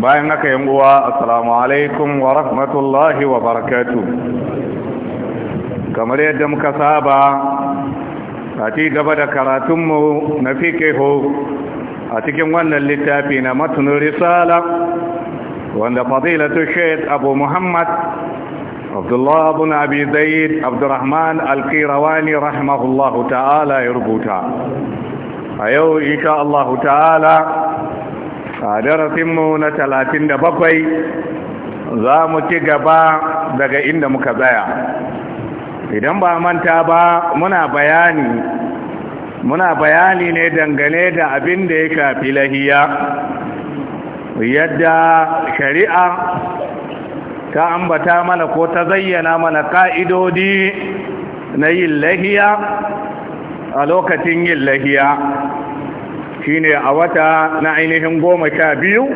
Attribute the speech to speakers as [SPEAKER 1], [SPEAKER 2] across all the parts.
[SPEAKER 1] bayan haka yin uwa assalamu alaikum wa rahmatullahi wa barakatu kamar yadda muka saba a ci gaba da karatunmu na fikihu a cikin wannan littafi na matunin risala wanda fadilatu shaid abu muhammad abdullah abu na abi abdurrahman alkirawani rahimahullahu ta'ala ya rubuta a yau insha Allah ta'ala a darasinmu na talatin da bakwai za mu ci gaba daga inda muka tsaya idan ba manta ba muna bayani muna bayani ne dangane da abin da ya kafi lahiya yadda shari'a ta ambata mana ko ta zayyana mana ka'idodi na yin lahiya a lokacin yin lahiya shine a wata na ainihin goma sha biyu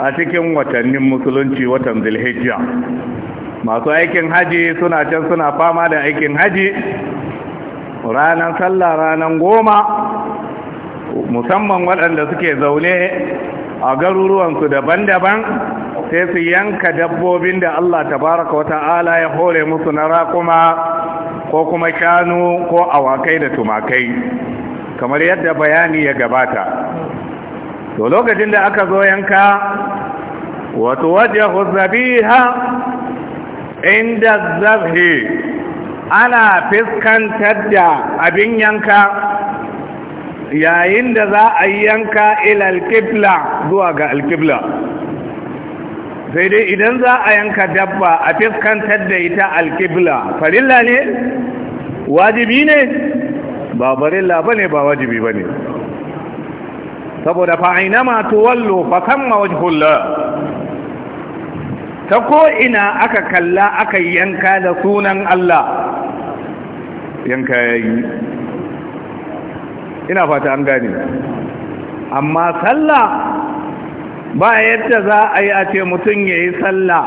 [SPEAKER 1] a cikin watannin musulunci watan zilhijja masu aikin haji suna can suna fama da aikin haji ranar sallah ranar goma musamman waɗanda suke zaune a garuruwansu daban-daban sai su yanka dabbobin da Allah tabaraka Wata Ala ya hore musu na raƙuma ko kuma shanu ko awakai da tumakai kamar yadda bayani ya gabata to lokacin da aka zo yanka wato wajahu zabiha inda zabhi ana fiskantar da abin yanka yayin da za a yi yanka ila zuwa ga alkibla. sai dai idan za a yanka dabba a fiskantar da ita alkibla farilla ne wajibi ne ba farilla bane ba wajibi bane saboda fa ainama wallo fa kamma wajhullah ta ko ina aka kalla aka yanka da sunan Allah yanka yayi ina fata an gane amma sallah ba yadda za a yi a ce mutum ya yi sallah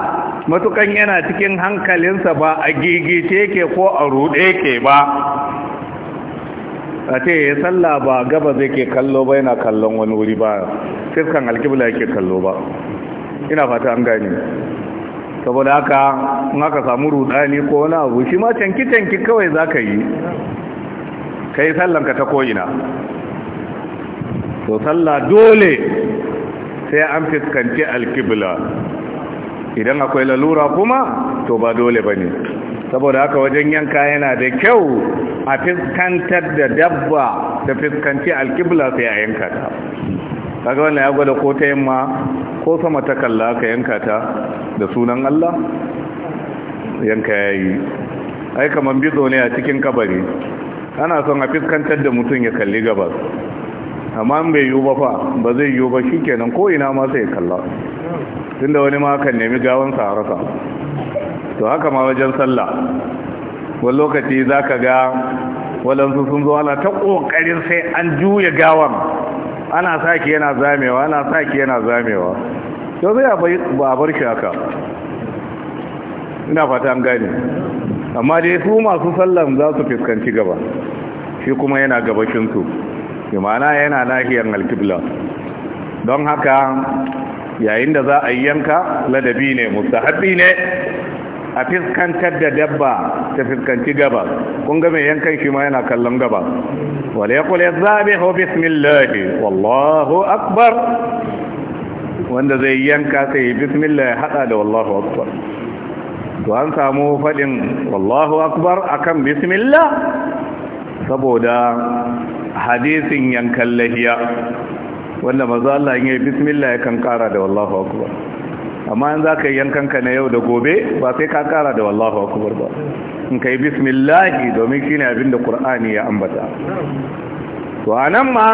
[SPEAKER 1] matukan yana cikin hankalinsa ba a gigice ke ko a ruɗe ke ba a ce ya salla ba gaba zai ke kallo ba yana kallon wani wuri ba fiskan alkibla yake kallo ba ina fata an gani saboda haka in aka samu rudani ko wani abu shi ma canki-canki kawai za ka yi ka yi sallanka ta ko'ina to salla dole sai an fiskanci alkibla idan akwai lalura kuma to ba dole ba ne saboda haka wajen yanka yana da kyau a fiskantar da dabba da fiskanci alkibla sai a yanka ta kaga wannan ya gwada ko ta yamma ko sama ta kalla ka yanka ta da sunan Allah yanka yayi ai kaman bizo ne a cikin kabari ana son a fiskantar da mutum ya kalli gabas amma bai yiwu ba fa ba zai yiwu ba shikenan ko ina ma sai ya kalla tunda wani ma kan nemi gawan sa rasa to haka ma wajen sallah wani lokaci za ka ga waɗansu sun zo ana ta ƙoƙarin sai an juya gawan ana saki yana zamewa ana saki yana zamewa to zai ba bar shi haka ina fata an gane amma dai su masu sallan za su fuskanci gaba shi kuma yana gabashinsu mana yana nahiyar alkibla don haka yayin da za a yi yanka ladabi ne mustahabi ne a fiskantar da dabba ta fiskanci gaba kun ga mai yankan shi ma yana kallon gaba wal yaqul yazabihu bismillah wallahu akbar wanda zai yanka sai bismillah hada da wallahu akbar to an samu fadin wallahu akbar akan bismillah saboda hadisin yankan lahiya wanda maza Allah yi, bismillah yakan kara da wallahu akbar amma in za ka yi yankanka na yau da gobe ba sai ka kara da wallahu akubar ba in ka yi bismillahi domin shi ne da ƙur'ani ya ambata to a nan ma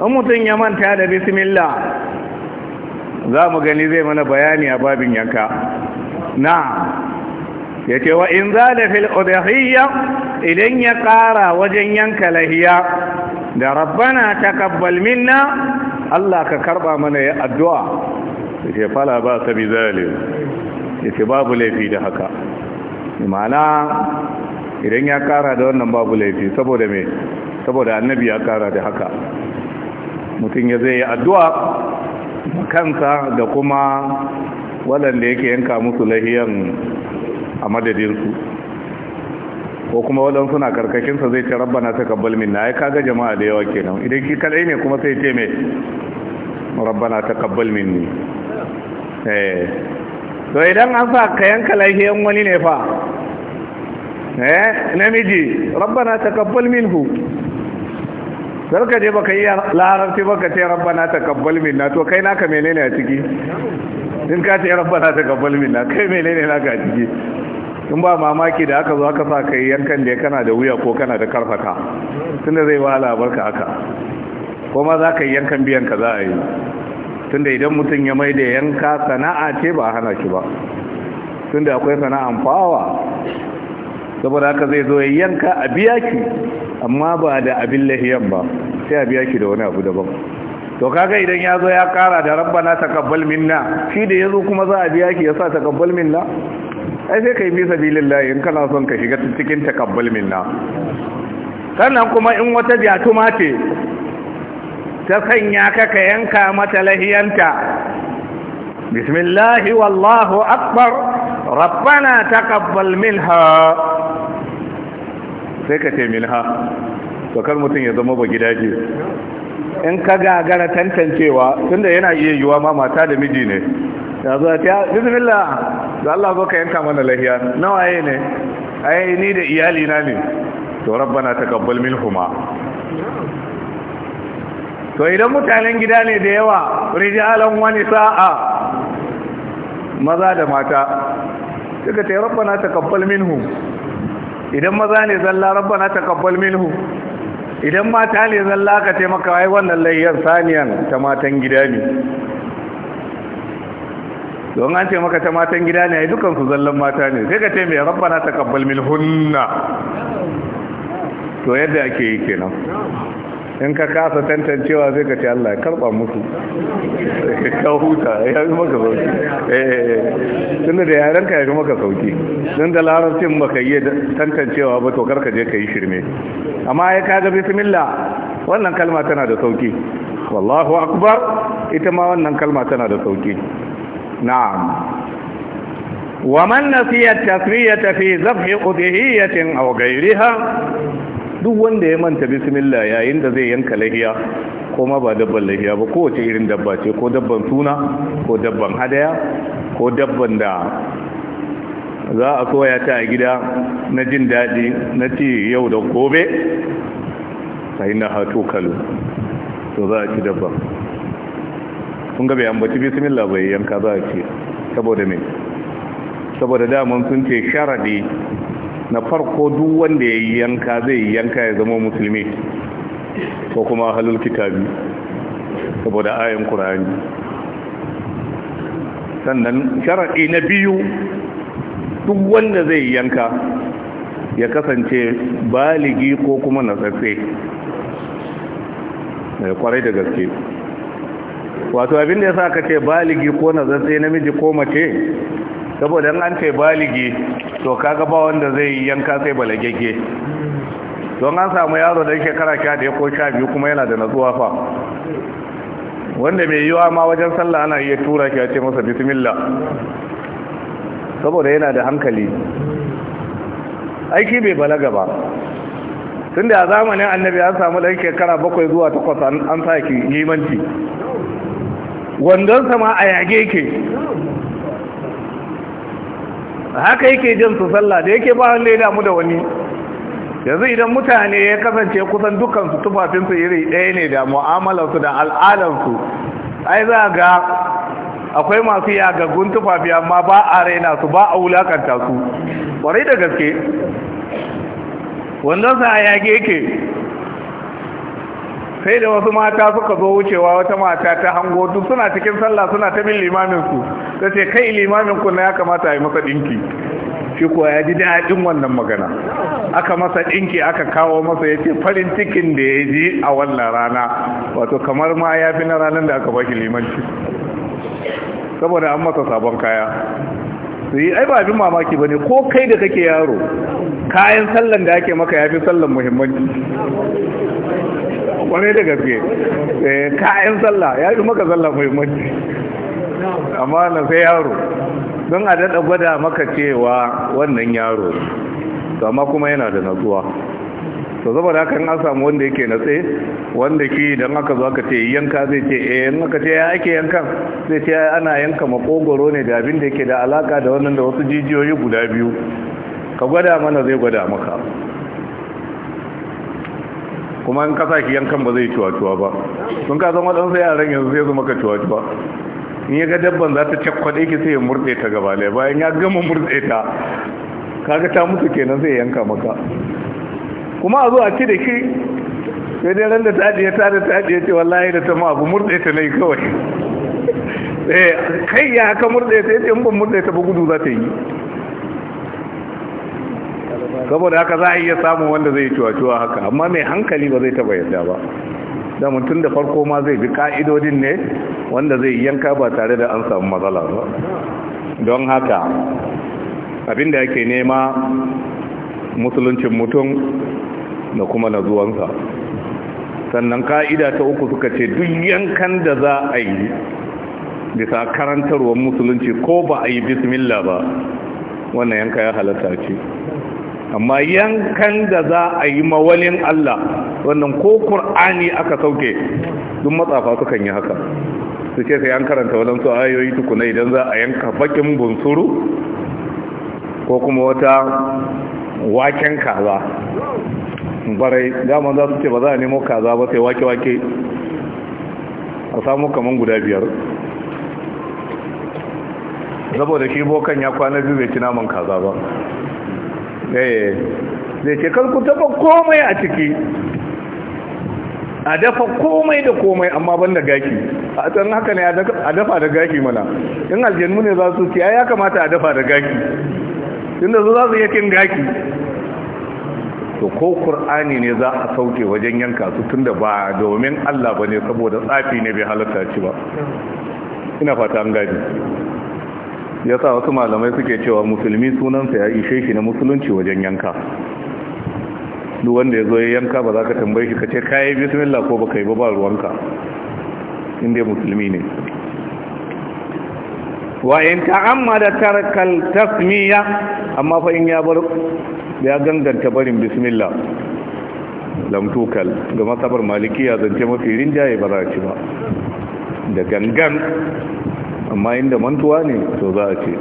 [SPEAKER 1] an mutum ya manta da bismillah za mu gani zai mana bayani a babin yanka na ya ce wa in za da fil'udahiyya idan ya ƙara wajen yanka lahiya da rabbana takabbal minna Allah ka karba mana ya addu'a yake fala ba ka bi zalim yake babu laifi da haka ma'ana idan ya kara da wannan babu laifi saboda me saboda annabi ya kara da haka mutum ya zai yi addu'a kansa da kuma waɗanda yake yanka musu lahiyan a madadinsu ko kuma waɗansu na karkashinsa zai ce rabba na ta kabbal minna ya kaga jama'a da yawa kenan idan ki kadai ne kuma sai ce mai ربنا تقبل مني eh to idan an sa ka yanka lafiyan wani ne fa eh namiji rabbana taqabbal minhu sarka je baka yi larabci baka ce rabbana taqabbal minna to kai naka menene a ciki in ka ce rabbana taqabbal minna kai menene naka a ciki in ba mamaki da aka zo aka sa kai yankan da kana da wuya ko kana da karfata tunda zai ba labarka haka ma za ka yi yankan biyan ka za a yi tunda idan mutum ya mai da yanka sana'a ce ba hana shi ba tunda akwai sana'an fawa saboda haka zai zo ya yanka a biya ki amma ba da abin lahiyan ba sai a biya ki da wani abu daban to kaga idan ya zo ya kara da rabbana takabbal minna shi da yazo kuma za a biya ki ya sa takabbal minna ai sai kai bi sabilillah in kana son ka shiga cikin takabbal minna sannan kuma in wata biya tumate ta sanya ka ka yanka mata lahiyanta bismillahi wallahu akbar rabbana taqabbal minha sai ka ce minha to kar mutum ya zama ba gidaje in ka gagara tantancewa tunda yana iya yiwa ma mata da miji ne ya zo ta ah, bismillah da Allah zo ka yanka mana lahiya nawaye ne ai ni da iyalina ne to rabbana taqabbal minhuma to idan mutanen gida ne da yawa rijalan wani sa'a maza da mata suka ce rabbana takabbal minhu idan maza ne zalla rabbana takabbal minhu idan mata ne zalla ka ce maka ai wannan layyar saniyan ta matan gida ne don an ce maka ta matan gida ne ai dukan su zallan mata ne sai ka ce mai rabbana takabbal minhunna to yadda ake yi kenan in ka kasa tantancewa zai ka ce Allah ya karba musu ka huta ya fi maka sauki eh, tunda da yarenka ya fi maka sauki don da larabcin ba yi tantancewa ba to karka je ka yi shirme amma ya kaga bismillah wannan kalma tana da sauki wallahu akbar ita ma wannan kalma tana da sauki na'am man nasiya tasriyata fi ذبح أذهية aw ghayriha duk wanda ya manta bismillah yayin da zai yanka lahiya ko ma ba dabban lahiya ba kowace irin dabba ce ko dabban suna ko dabban hadaya ko dabban da za a soya ta a gida na jin daɗi na ci yau da gobe sai na hato kalu to za a ci dabban kun gabe ambaci bismillah bai yanka za a ci saboda mai saboda daman sun ce sharadi na farko duk wanda ya yanka zai yanka ya zama musulmi ko kuma halul kitabi saboda ayin kur'ani sannan sharaɗi na biyu duk wanda zai yanka ya kasance baligi ko kuma natsatse mai eh, kwarai da gaske wato abinda ya sa ka ce baligi ko natsatse namiji ko mace saboda an ce baligi to kaga ba wanda zai yanka sai balagege don an samu yaro da shekara sha ya ko sha biyu kuma yana da natsuwa fa wanda mai yiwa ma wajen sallah ana iya tura shi a ce masa bismillah saboda yana da hankali aiki bai balaga ba tun da a zamanin annabi an samu ɗan shekara bakwai zuwa takwas an sa ki limanci wandonsa ma a yage ke haka yake jin su sallah da yake ba wanda ya damu da wani yanzu idan mutane ya kasance kusan dukansu tufafinsu iri ɗaya ne da mu'amalarsu da al'adarsu ai za ga akwai masu yagagun tufafi amma ba a raina su ba a wulakanta su ƙwarai da gaske wanda sa ya yage sai da wasu mata suka zo wucewa wata mata ta hango duk suna cikin sallah suna ta bin limamin su ta ce kai limamin ku na ya kamata a yi masa dinki shi kuwa ya ji daɗin wannan magana aka masa dinki aka kawo masa ya ce farin cikin da ya ji a wannan rana wato kamar ma ya fi na ranar da aka baki limanci saboda an masa sabon kaya su yi ai ba abin mamaki ba ne ko kai da kake yaro kayan sallan da ake maka ya fi sallan muhimmanci kwarai da gaske eh, kayan sallah ya yi maka sallah mace amma na sai yaro don a daɗa gwada maka cewa wannan yaro amma kuma yana da natsuwa to da haka an samu wanda yake tsaye, wanda ki idan aka zo aka ce yanka zai ce eh in aka ce ya ake yankan zai ce ana yanka makogoro ne da abin da yake da alaka da wannan da wasu jijiyoyi guda biyu ka gwada mana zai gwada maka kuma in kasa ki yankan ba zai cuwa-cuwa ba sun kasan waɗansu yaran yanzu sai su maka cuwa-cuwa in ya ga dabban za ta cakwaɗe ki sai ya murɗe ta gaba ɗaya bayan ya gama murɗe ta kaga ta mutu kenan sai ya yanka maka kuma a zo a ci da ki sai dai ran da ta ajiye ta da ta ajiye ce wallahi da ta ma abu murɗe ta nai kawai eh kai ya haka murɗe ta yace in ban murɗe ta ba gudu za ta yi saboda haka za a iya samun wanda zai cuwa-cuwa haka amma mai hankali ba zai taba yadda ba da mutum da farko ma zai bi ka'idodin ne wanda zai yanka ba tare da an samu matsala ba don haka abinda yake nema musuluncin mutum da kuma na zuwansa sannan ka'ida ta uku suka ce duk yankan da za a yi bisa karantarwar musulunci ko ba a yi bismillah ba wannan yanka ya halatta ce amma yankan da za a yi mawalin Allah wannan ko Kur'ani aka sauke duk matsafa sukan yi haka su ce sai an karanta waɗansu ayoyi tukuna idan za a yanka bakin bunsuru ko kuma wata waken kaza barai dama za su ce ba za a nemo kaza ba sai wake-wake a samu kaman guda biyar saboda shi bokan ya kwana biyu bai ci naman kaza ba Eh, zai ce kar ku taba komai a ciki a dafa komai da komai amma ban da gaki a tsarin haka ne a dafa da gaki mana in aljannu ne za su ce ya kamata a dafa da gaki inda su za su iya gaki to ko Kur'ani ne za a sauke wajen yanka su tun da ba domin allah ba ne saboda tsafi ne bai halatta ci ba ina fata an gaji ya sa wasu malamai suke cewa musulmi sunansa ya ishe shi na musulunci wajen yanka duk wanda ya zo ya yanka ba za ka tambaye shi ka ce kayi bismillah ko ba ka yi ba ba ruwanka inda musulmi ne wa in ta'ammada tarkal tasmiya amma fa in ya bar ya ganganta barin bismillah lam tukal ga masabar malikiya zance mafi rinjaye ba za ci ba da gangan amma inda mantuwa ne to za a ce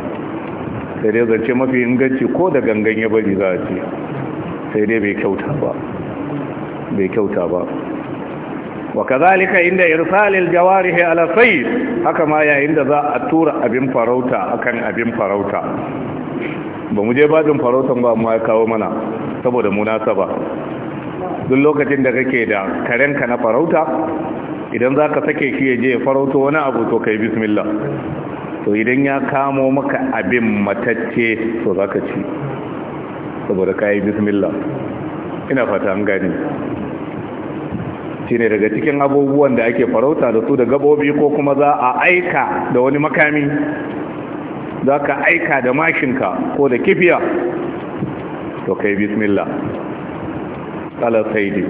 [SPEAKER 1] sai dai zance mafi inganci ko da gangan ya bari za a ce sai dai bai kyauta ba bai kyauta ba wa kazalika inda irsalil jawarihi ala sayd haka ma yayin da za a tura abin farauta akan abin farauta ba mu je bajin farautan ba mu ya kawo mana saboda munasaba duk lokacin da kake da karenka na farauta idan za ka sake shi ya je ya farauto wani abu to kai bismillah to idan ya kamo maka abin matacce to za ka ci saboda ka yi bismillah ina fata an gani shi ne daga cikin abubuwan da ake farauta da su da gabobi ko kuma za a aika da wani makami za ka aika da mashinka ko da kifiya to ka yi bismillah ala saidi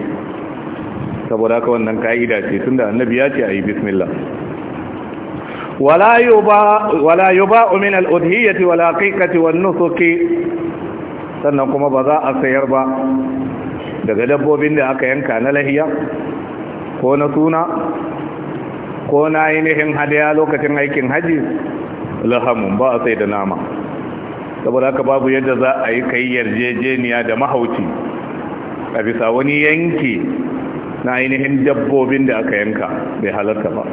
[SPEAKER 1] saboda haka wannan ka'ida ce tunda annabi ya ce ayi bismillah wala yuba wala yuba min al-udhiyati wal haqiqati wan nusuki sannan kuma ba za a sayar ba daga dabbobin da aka yanka na lahiya ko na suna ko na ainihin hadaya lokacin aikin haji lahamun ba a sai da nama saboda haka babu yadda za a yi kai yarjejeniya da mahauci a bisa wani yanki na ainihin dabbobin da aka yanka bai halarta ba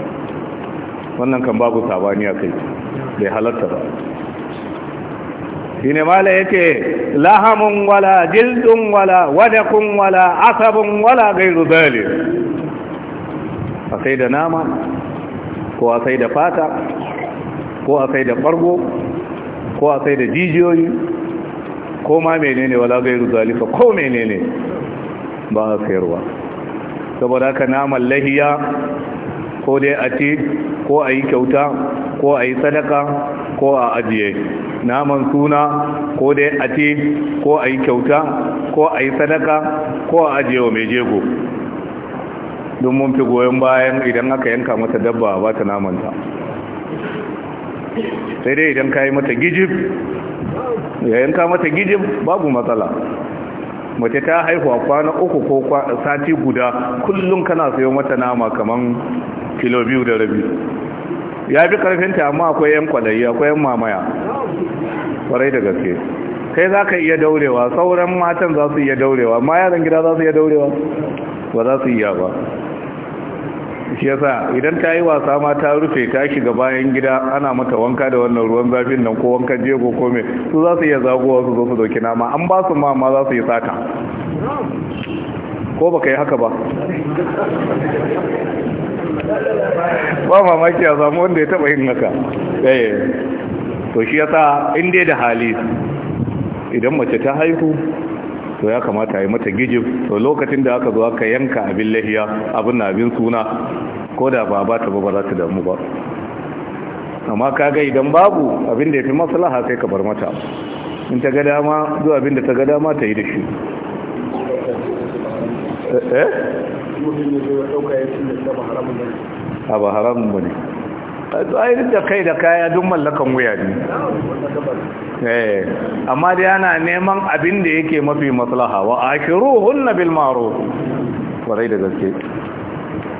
[SPEAKER 1] wannan kan babu sabani a kai bai halarta ba shine mala yake lahamun wala jildun wala wadakun wala asabun wala gairu zali? a sai da nama ko a sai da fata ko a sai da fargo ko a sai da jijiyoyi ko ma menene wala gairu zali? ko menene ba a sayarwa saboda ka naman lahiya ko dai a ce ko a yi kyauta ko a yi sadaka ko a ajiye naman suna ko dai a ce ko a yi kyauta ko a yi sadaka ko a ajiye wa mai jego don mun fi goyon bayan idan aka yanka mata dabba ba ta namanta sai dai idan ka yi mata gijib ya yanka mata gijib babu matsala mace ta haihuwa kwana uku ko sati guda kullum kana sayo mata nama kaman kilo biyu da rabi ya fi karfinta amma akwai yan kwalayi akwai yan mamaya kwarai da gaske kai za ka iya daurewa sauran matan za su iya daurewa ma yaran gida za su iya daurewa ba za su iya ba shi yasa idan ta yi wasa ma ta rufe ta shiga bayan gida ana mata wanka da wannan ruwan zafin nan ko wankan jego ko me su za su iya zagowa su zo su dauki nama an ba su ma ma za su yi sata ko baka yi haka ba ba mamaki a samu wanda ya taba yin haka eh to shi yasa in dai da hali idan mace ta haihu to ya kamata a yi mata gijib to lokacin da aka zo aka yanka abin lahiya abin na abin suna ko da ba ba ta ba ba za ta damu ba amma ka ga idan babu abin da ya fi maslaha sai ka bar mata in ta ga dama zuwa abin da ta ga dama ta yi da shi eh? eh? a ba haramun ba ne ai da kai da kaya duk mallakan wuya
[SPEAKER 2] ne
[SPEAKER 1] eh, amma dai ana neman abin da yake mafi maslaha wa akiruhunna bil ma'ruf kwarai da gaske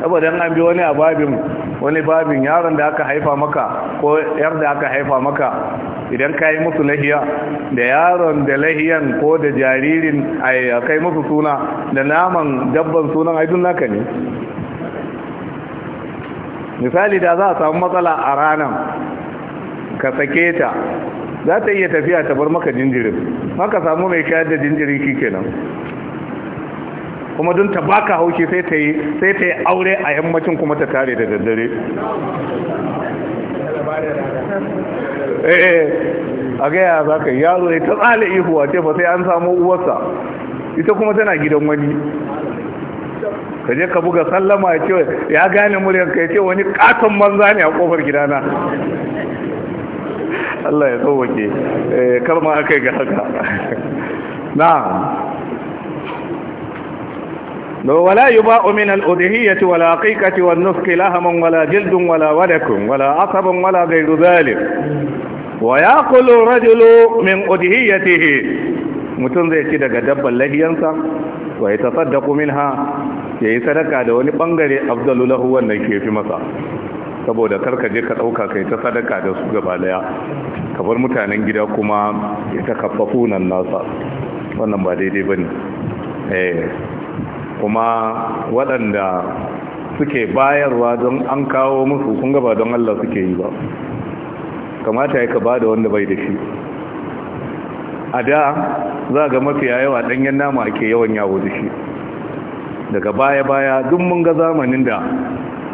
[SPEAKER 1] saboda an bi wani ababin wani babin yaron da aka haifa maka ko yar da aka haifa maka idan ka yi musu lahiya da yaron da lahiyan ko da jaririn kai musu suna da naman dabban sunan aidun naka ne misali da za a samu matsala a ranar ka sake ta za ta iya tafiya ta bar maka jinjirin haka samu mai shayar da jinjiri kike nan kuma don ta baka haushi sai ta yi aure a yammacin kuma ta tare da daddare eh, eh, a gaya za ka yaro ne ta tsala ihuwa ce ba sai an samu uwarsa ita kuma tana gidan wani ka je ka buga sallama ya ce ya gane muryan ka ya ce wani katon manza ne a kofar gidana Allah ya tsohake kar ma aka yi ga haka na'am ولا يباء من الأذهية ولا قيكة والنسك لهم ولا جلد ولا ودك ولا عصب ولا غير ذلك ويقول الرجل من أذهيته متن زي كده قدب اللهيانسا ويتصدق منها ya yi sadaka da wani bangare Abdullahu wannan ke fi masa saboda karka je ka ɗauka kai ta sadaka da su gaba daya kamar mutanen gida kuma ya ta kafa nan nasa wannan ba daidai ba ne eh. kuma waɗanda suke bayarwa don an kawo musu kun gaba don Allah suke yi ba kamata ya ka ba wanda bai da shi a da za ga mafi yawa ɗanyen nama ake yawan yawo da shi daga baya-baya duk mun ga zamanin da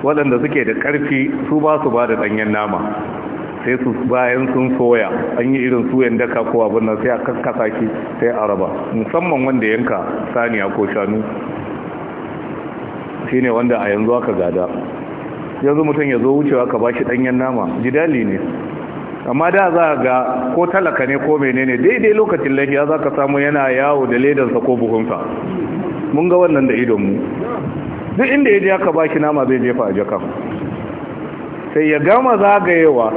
[SPEAKER 1] waɗanda suke da ƙarfi su ba su ba da ɗanyen nama sai su bayan sun soya an yi irin suyan daka ko abin nan sai a kakkasa ki sai a raba musamman wanda yanka saniya ko shanu shine wanda a yanzu aka gada yanzu mutum ya zo wucewa ka ba shi ɗanyen nama jidali ne amma da za ga ko talaka ne ko menene daidai lokacin lafiya za ka samu yana yawo da ledansa ko buhunsa mun ga wannan da idonmu duk inda ya je aka baki nama zai jefa a jakan sai ya gama zagayewa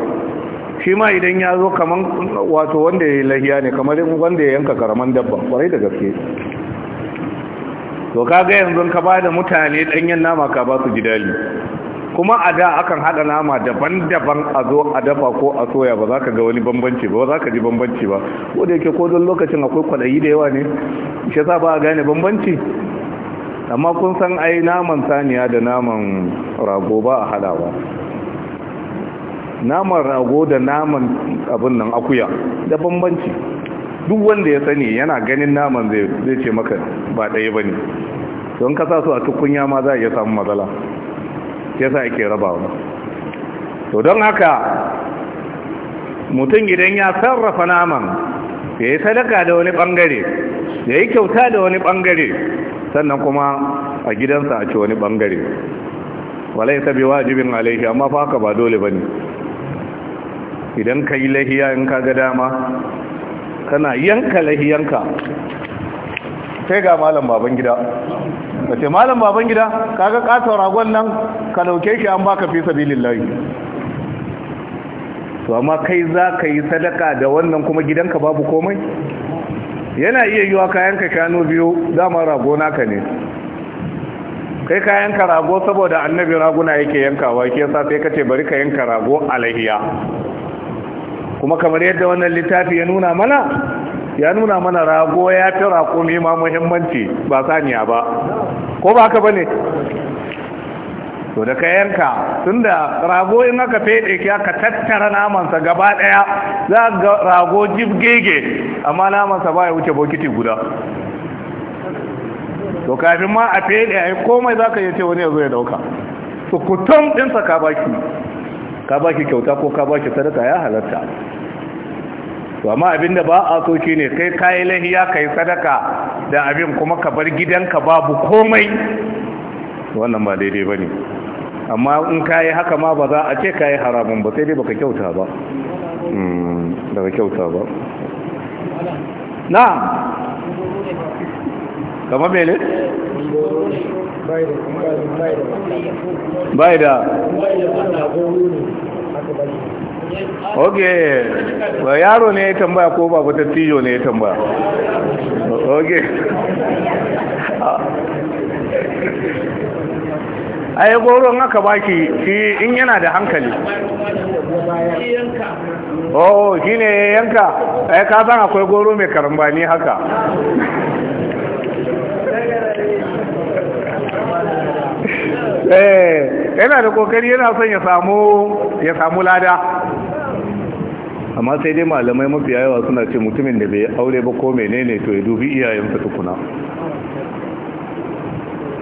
[SPEAKER 1] shi ma idan ya zo kamar wato wanda ya yi lahiya ne kamar wanda ya yanka karaman dabba kwarai da gaske to kaga yanzu ka ba da mutane ɗanyen nama ka ba su gidali kuma a da akan hada nama daban-daban a zo a dafa ko a soya ba za ka ga wani bambanci ba za ka ji bambanci ba ko da yake ko don lokacin akwai kwaɗayi da yawa ne shi sa ba a gane bambanci amma kun san ai naman saniya da naman rago ba a hadawa naman rago da naman abin nan akuya da bambanci duk wanda ya sani yana ganin naman zai ce maka ba ɗaya ba ne don kasa su a tukunya ma za a iya samu matsala ke yasa ake rabawa to don haka mutum idan ya sarrafa naman ya yi sadaka da wani bangare ya yi kyauta da wani bangare sannan kuma a gidansa a ci wani bangare walai sabi wajibin alaihi amma fa haka ba dole ba ne idan ka yi lahiya in ka ga dama kana yanka lahiyanka sai ga malam baban gida ka ce malam baban gida kaga katon ragon nan ka dauke shi an baka fi sabilillahi to amma kai za ka yi sadaka da wannan kuma gidanka babu komai yana iya yiwa ka shanu biyu dama rago naka ne kai kayan ka rago saboda annabi raguna yake yankawa ke sa sai ka ce bari ka yanka rago alahiya kuma kamar yadda wannan littafi ya nuna mana ya nuna mana rago ya fi rako ma muhimmanci ba saniya ba ko ba ka bane to da ka yanka tunda rago in aka fede ki aka tattara namansa gaba daya za ga rago jibgege amma namansa ba ya wuce bokiti guda to kafin ma a fede ai komai za ka yi ce wani ya zo ya dauka to kutum ɗinsa ka baki ka baki kyauta ko ka baki sadaka ya halatta to amma abin da ba a so ne kai kayi lahiya kai sadaka da abin kuma ka bar gidanka babu komai wannan ba daidai bane amma in kayi haka ma ba za a ce kayi haramun ba sai dai baka kyauta ba daga hmm, kyauta ba na'am kama mele bai da ok ba yaro ne ya tambaya ko ba ba tattijo ne ya tambaya ok a yi goron aka baki shi in yana da hankali oh shi ne ya yanka a yi kasan akwai goro mai ni haka eh yana da kokari yana son ya samu lada amma sai dai malamai mafi yawa suna ce mutumin da bai aure ba ko menene to ya dubi iyayensa tukuna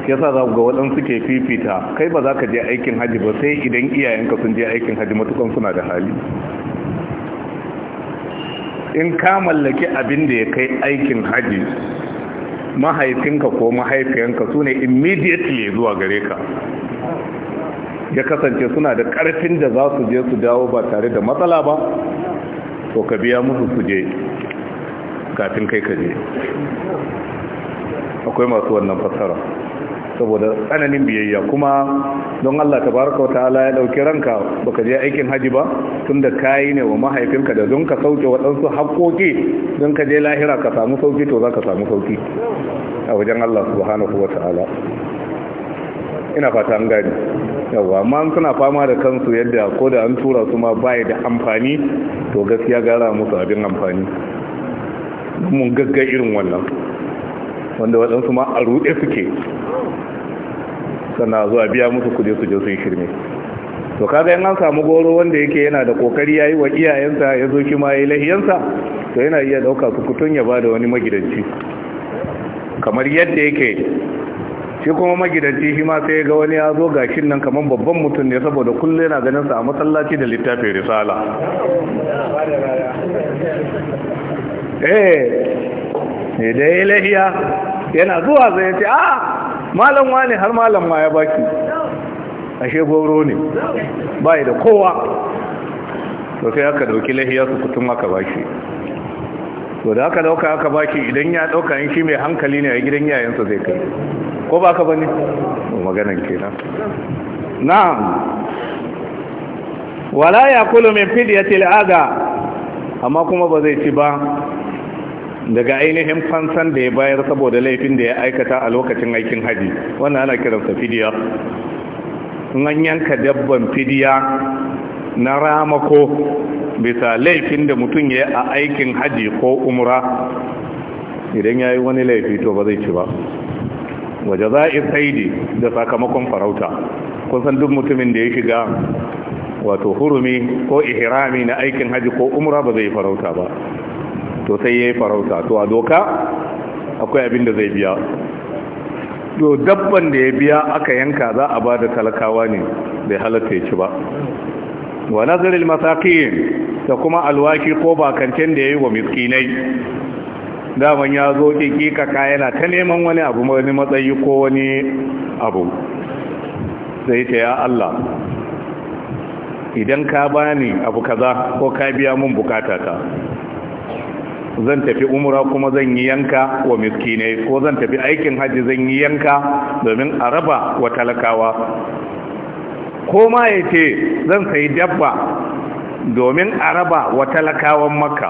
[SPEAKER 1] yasa za ku ga waɗansu ke fifita kai ba za ka je aikin hajji ba sai idan iyayenka sun je aikin hajji matukan suna da hali in ka mallaki abin da ya kai aikin hajji mahaifinka ko mahaifiyanka su ne immediately zuwa gare ka ya kasance suna da ƙarfin da za su je su dawo ba tare da matsala ba Ko ka biya musu su je kafin kai ka je akwai masu wannan fassara saboda tsananin biyayya kuma don Allah tabaraka wa ta'ala ya dauki ranka baka je aikin haji ba tunda kayi ne wa mahaifinka da don ka sauke waɗansu haƙoƙi don ka je lahira ka samu sauki to za ka samu sauki a wajen Allah subhanahu wata'ala ta'ala ina fata an gani yawa amma suna fama da kansu yadda ko da an tura su ma baya da amfani to gaskiya gara musu abin amfani mun gaggai irin wannan wanda waɗansu ma a ruɗe suke sannan zuwa biya musu kuje su je su yi shirme to kaga in an samu goro wanda yake yana da kokari yayi wa iyayensa ya zo shi ma yayi lahiyansa to yana iya dauka kukutun ya bada wani magidanci kamar yadda yake shi kuma magidanci shi ma sai ga wani ya zo ga shi nan kamar babban mutum ne saboda kullum yana ganin sa a masallaci da littafin risala eh, eh da ya lahiya yana zuwa zai ce a ah, malam ne har malam ma ya baki ashe goro ne bai da kowa to sai aka dauki lahiya su kutum aka baki to da aka dauka aka baki idan ya dauka in shi mai hankali ne a gidan yayansa zai kai ko ba ka bane maganan kenan na'am wala yakulu min fidyati aga amma kuma ba zai ci ba daga ainihin fansan da ya bayar saboda laifin da ya aikata a lokacin aikin haji wannan ana kiransa fidiya in an yanka dabban fidiya na ramako bisa laifin da mutum ya a aikin haji ko umra idan ya yi wani laifi to ba zai ci ba waje za a saidi da sakamakon farauta kusan duk mutumin da ya shiga wato hurumi ko ihirami na aikin haji ko umra ba zai yi farauta ba to sai ya yi farauta to a doka akwai abin da zai biya to dabban da ya biya aka yanka za a ba da talakawa ne bai halatta ya ci ba wa nazaril masakin da kuma alwaki ko kantin da ya yi wa miskinai daman ya zo kikika yana ta neman wani abu wani matsayi ko wani abu sai ta ya Allah idan ka bani abu kaza ko ka biya mun bukata ta zan tafi umura kuma zan yi yanka wa miskinai ko zan tafi aikin hajji zan yi yanka domin a raba wa talakawa ko ma ya ce zan sayi dabba domin a raba wa talakawan maka.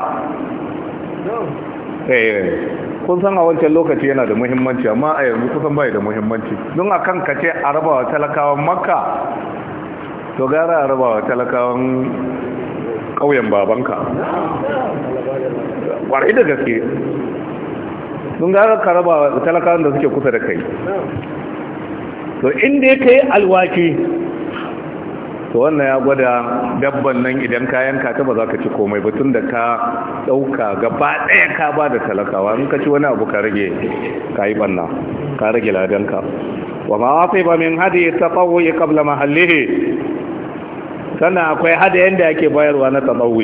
[SPEAKER 1] Eh, eh, eh. kun san a wancan lokaci yana da muhimmanci amma a yanzu kusan bai da muhimmanci don a kan ka ce a raba wa talakawan makka to gara a raba wa talakawan ƙauyen babanka ƙwarai da gaske don gara ka raba talakawan da suke kusa da kai to inda ya kai alwaki to wannan ya gwada dabban nan idan kayan ka yanka ba za ka ci komai ba tun da ka ɗauka gaba ɗaya ka ba da talakawa in ka ci wani abu ka rage ka yi ɓanna ka rage ladanka wa ma wafi ba min hadi ta tsawo kabla mahallihi sannan akwai hada yadda ake bayarwa na tsawo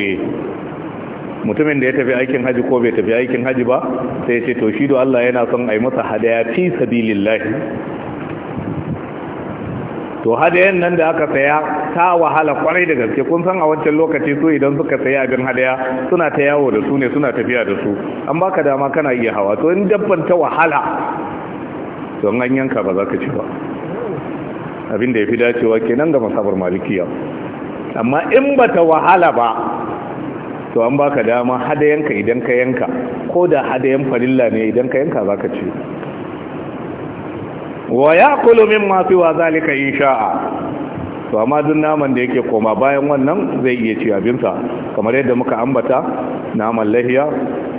[SPEAKER 1] mutumin da ya tafi aikin haji ko bai tafi aikin haji ba sai ya ce to shi do Allah yana son a yi masa hadaya fi sabilillah to hadayen nan da aka saya ta wahala kwarai da gaske kun san a wancan lokaci su idan suka saya abin hadaya suna ta yawo da su ne suna tafiya da su an baka dama kana iya hawa to in dabban ta wahala to an yanka ba za ka ci ba abin da ya fi dacewa kenan ga masabar malikiya amma in ba ta wahala ba to an baka dama hadayenka idan ka yanka ko da hadayen farilla ne idan ka yanka za ka ci wa kulu min masu wa zalika sha'a? to amma duk naman da yake koma bayan wannan zai iya ci abinsa kamar yadda muka ambata naman lahiya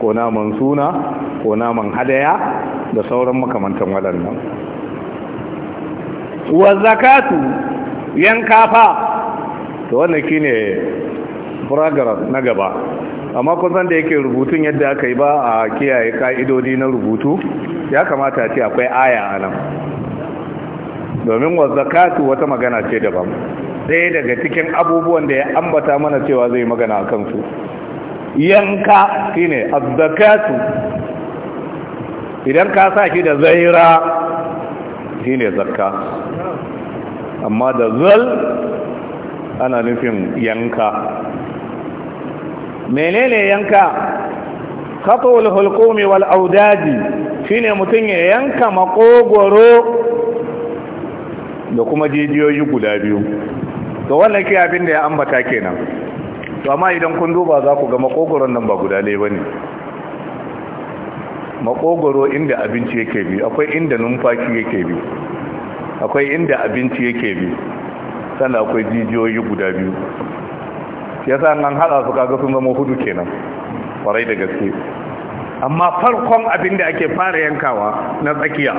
[SPEAKER 1] ko naman suna ko naman hadaya da sauran makamantan waɗannan wa zakatu yankafa to wannan shine progress na gaba amma kusan da yake rubutun yadda aka yi ba a kiyaye ka'idodi na rubutu ya kamata ce akwai aya a nan domin wa zakatu wata magana ce daban ɗaya daga cikin abubuwan da ya ambata mana cewa zai magana a kansu yanka shine zakatu. idan ka sa shi da zaira shine zakka amma da zal ana nufin yanka menene yanka katul hulqumi wal audaji shine mutum ya yanka makogoro da kuma jijiyoyi guda biyu to wannan ke abin da ya ambata kenan to amma idan kun duba za ku ga makogoron nan ba guda ɗaya bane makogoro inda abinci yake bi akwai inda numfashi yake bi akwai inda abinci yake bi sannan akwai jijiyoyi guda biyu Ya yasa an hada su kaga sun zama hudu kenan kwarai da gaske amma farkon abin da ake fara yankawa na tsakiya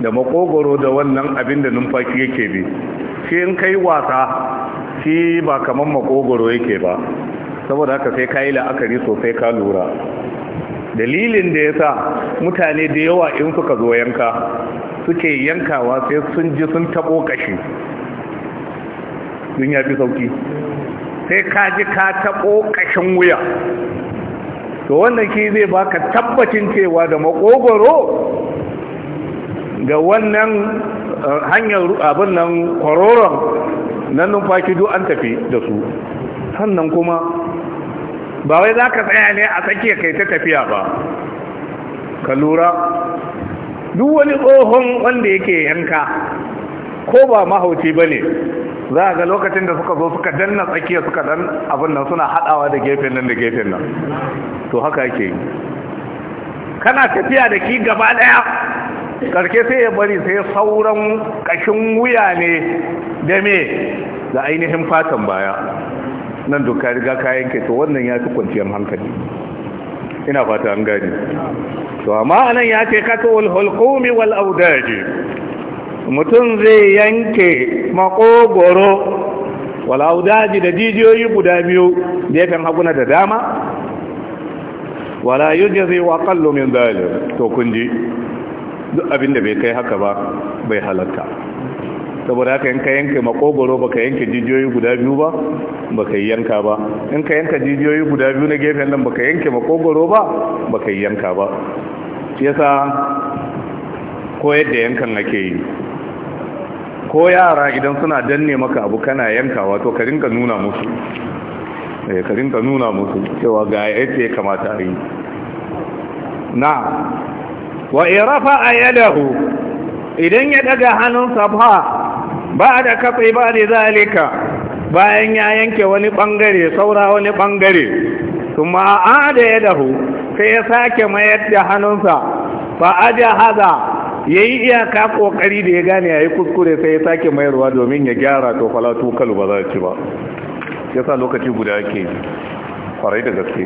[SPEAKER 1] da makogoro da wannan abin da numfashi yake bi shi in kai wasa shi ba kamar makogoro yake ba saboda haka sai ka yi la'akari sosai ka lura dalilin da ya sa mutane da yawa in suka zo yanka suke yankawa sai sun ji sun taɓo ƙashi sun ya fi sauki sai ka ji ka taɓo ƙashin wuya to wannan shi zai baka tabbacin cewa da makogoro ga wannan uh, hanyar abin nan kwaroron na numfashi duk an tafi da su sannan kuma ba wai za ka tsaya ne a tsakiyar kai ta tafiya ba ka lura duk wani tsohon wanda yake yanka ko ba mahauci ba ne za a ga lokacin da suka zo suka danna tsakiya suka dan abin nan suna haɗawa da gefen nan da gefen nan to haka yake yi kana tafiya da ki gaba ɗaya karke sai ya bari sai sauran kashin wuya ne da me da ainihin fatan baya nan doka riga kayan ke to wannan ya fi kwanciyar hankali ina fata an gani to amma anan ya ce katowar hulkumi wal audaji mutum zai yanke makogoro daji da jijiyoyi guda biyu gefen haguna da dama wala yujzi wa qallu min zalim to kun ji duk abin da bai kai haka ba bai halatta saboda haka in ka yanke makogoro baka yanke jijiyoyi guda biyu ba baka yanka ba in ka yanka jijiyoyi guda biyu na gefen nan baka yanke makogoro ba baka yanka ba shi yasa ko yadda yankan ake yi ko yara idan suna danne maka abu kana yankawa to ka rinka nuna musu eh ka rinka nuna musu cewa ga yace kamata a yi na wa irafa ayalahu idan ya daga hannunsa fa ba da kafa ba da zalika bayan ya yanke wani bangare saura wani bangare kuma a da yadahu sai ya sake mayar da hannunsa fa ajahaza ya yi iyaka kokari da ya gane ya yi kuskure sai ya sake mayarwa domin ya gyara to fala tukalu ba za ci ba ya sa lokaci guda ke kwarai da gaske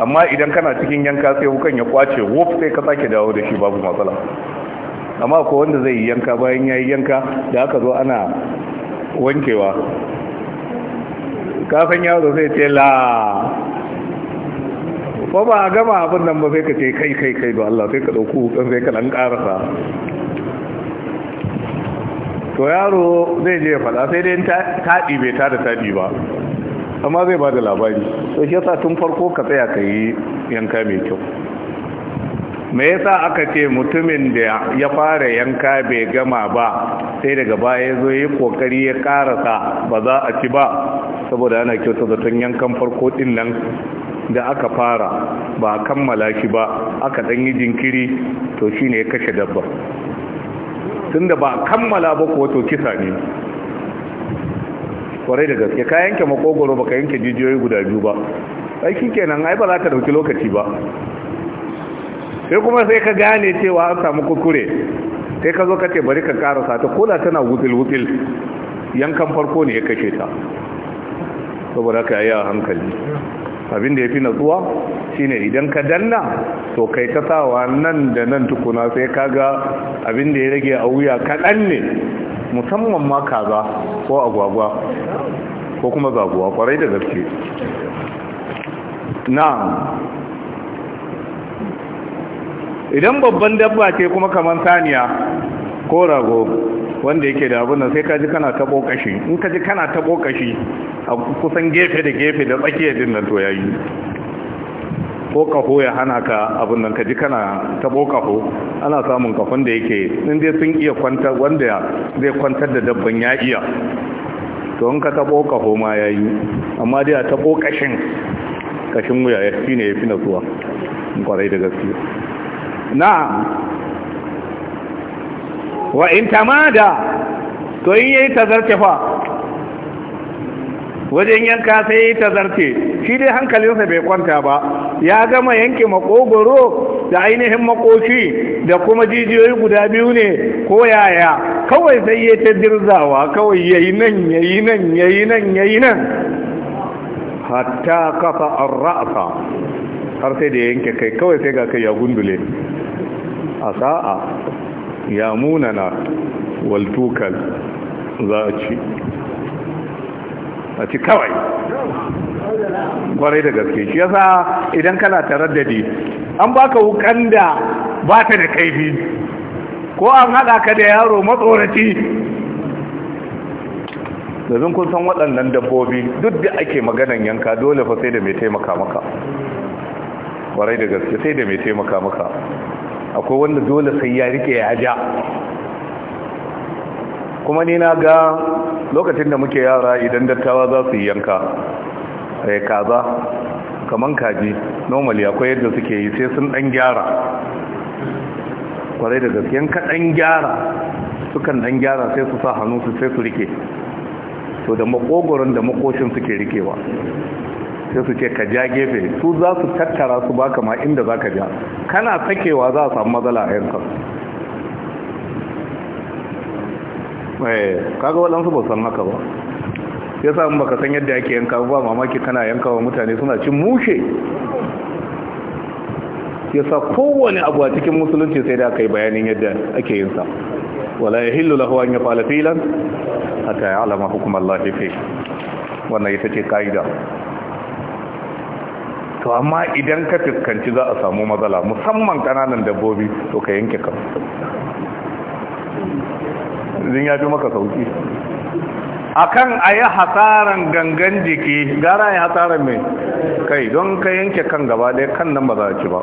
[SPEAKER 1] amma idan kana cikin yanka sai hukan ya kwace wuf sai ka sake dawo da shi babu matsala amma ko wanda zai yi yanka bayan ya yi yanka da aka zo ana wankewa kafin yaro zai ce la ba ba gama abin nan ba sai ka ce kai kai kai da Allah sai ka dauku kan sai ka dan karasa to yaro zai je fada sai dai taɗi bai tada taɗi ba amma zai ba da labari to shi yasa tun farko ka tsaya ka yi yanka mai kyau me yasa aka ce mutumin da ya fara yanka bai gama ba sai daga baya zo yi kokari ya karasa ba za a ci ba saboda ana kyautata zaton yankan farko din nan da aka fara ba kammala shi ba aka dan yi jinkiri to shine ya kashe dabba tunda ba kammala ba kuwa to kisa ne kwarai da gaske ka yanke makogoro baka yanke jijiyoyi guda biyu ba ai kenan ai ba za ta dauki lokaci ba sai kuma sai ka gane cewa an samu kukure sai ka zo ka ce bari ka karasa ta kola tana wutil wutil yankan farko ne ya kashe ta saboda ka yi a hankali abin da ya fi natsuwa shine idan ka danna to kai ta sawa nan da nan tukuna sai kaga abin da ya rage a wuya kaɗan ne musamman ma kaza ko agwagwa ko kuma zaguwa kwarai da gaske na idan babban dabba ce kuma kamar saniya ko rago wanda yake da abin nan sai ka ji kana tabo kashi in ka ji kana tabo kashi a kusan gefe da gefe da tsakiyar din nan to yayi ko kaho ya hana ka abin nan ka ji kana tabo kaho ana samun kafon da yake in dai sun iya kwantar wanda zai kwantar da dabban ya iya to in ka tabo kaho ma yayi amma dai a tabo kashin kashin wuya ya ne ya fi na zuwa, kwarai da gaske na wa in tamada to in yayi tazarce fa wajen yanka sai yayi tazarce shi dai hankalinsa bai kwanta ba ya gama yanke makogoro da ainihin makoshi da kuma jijiyoyi guda biyu ne ko yaya kawai sai yayi ta dirzawa kawai yayi nan yayi nan yayi nan yayi nan hatta kafa ar-ra'sa har sai da yanke kai kawai sai ga kai ya gundule a sa'a ya munana waltukal za a ci a ci kawai kwarai da gaske shi yasa idan kana taraddadi an baka wukan da ba ta da kaifi ko an haɗa ka da yaro matsoraci domin kun san waɗannan dabbobi duk da ake maganan yanka dole fa sai da mai taimaka maka kwarai da gaske sai da mai taimaka maka akwai wanda dole sai ya rike ya ja kuma ni na ga lokacin da muke yara idan dattawa za su yi yanka sai eh, kaza kaman kaji normally akwai yadda suke yi sai sun dan gyara kwarai da gaskiyan ka dan gyara sukan dan gyara sai su sa hannu su sai su rike to da makogoron da makoshin suke rikewa sai su ce ka ja gefe su za su tattara su baka ma inda za ka ja kana sakewa za a samu matsala a yankan eh, kaga waɗansu ba san haka ba ya samu baka san yadda ake yanka ba mamaki kana yanka wa mutane suna cin mushe ya sa kowane abu a cikin musulunci sai da aka yi bayanin yadda ake yin sa wala ya hillu lahuwa an fala filan hatta yi alama hukumar lafife wannan ita ce ka'ida to amma idan ka fuskanci za a samu matsala musamman kananan dabbobi to ka yanke kan zin ya fi maka sauki akan a yi hasaran gangan jiki gara ya hasaran mai kai don ka yanke kan gaba daya kan nan ba za a ci ba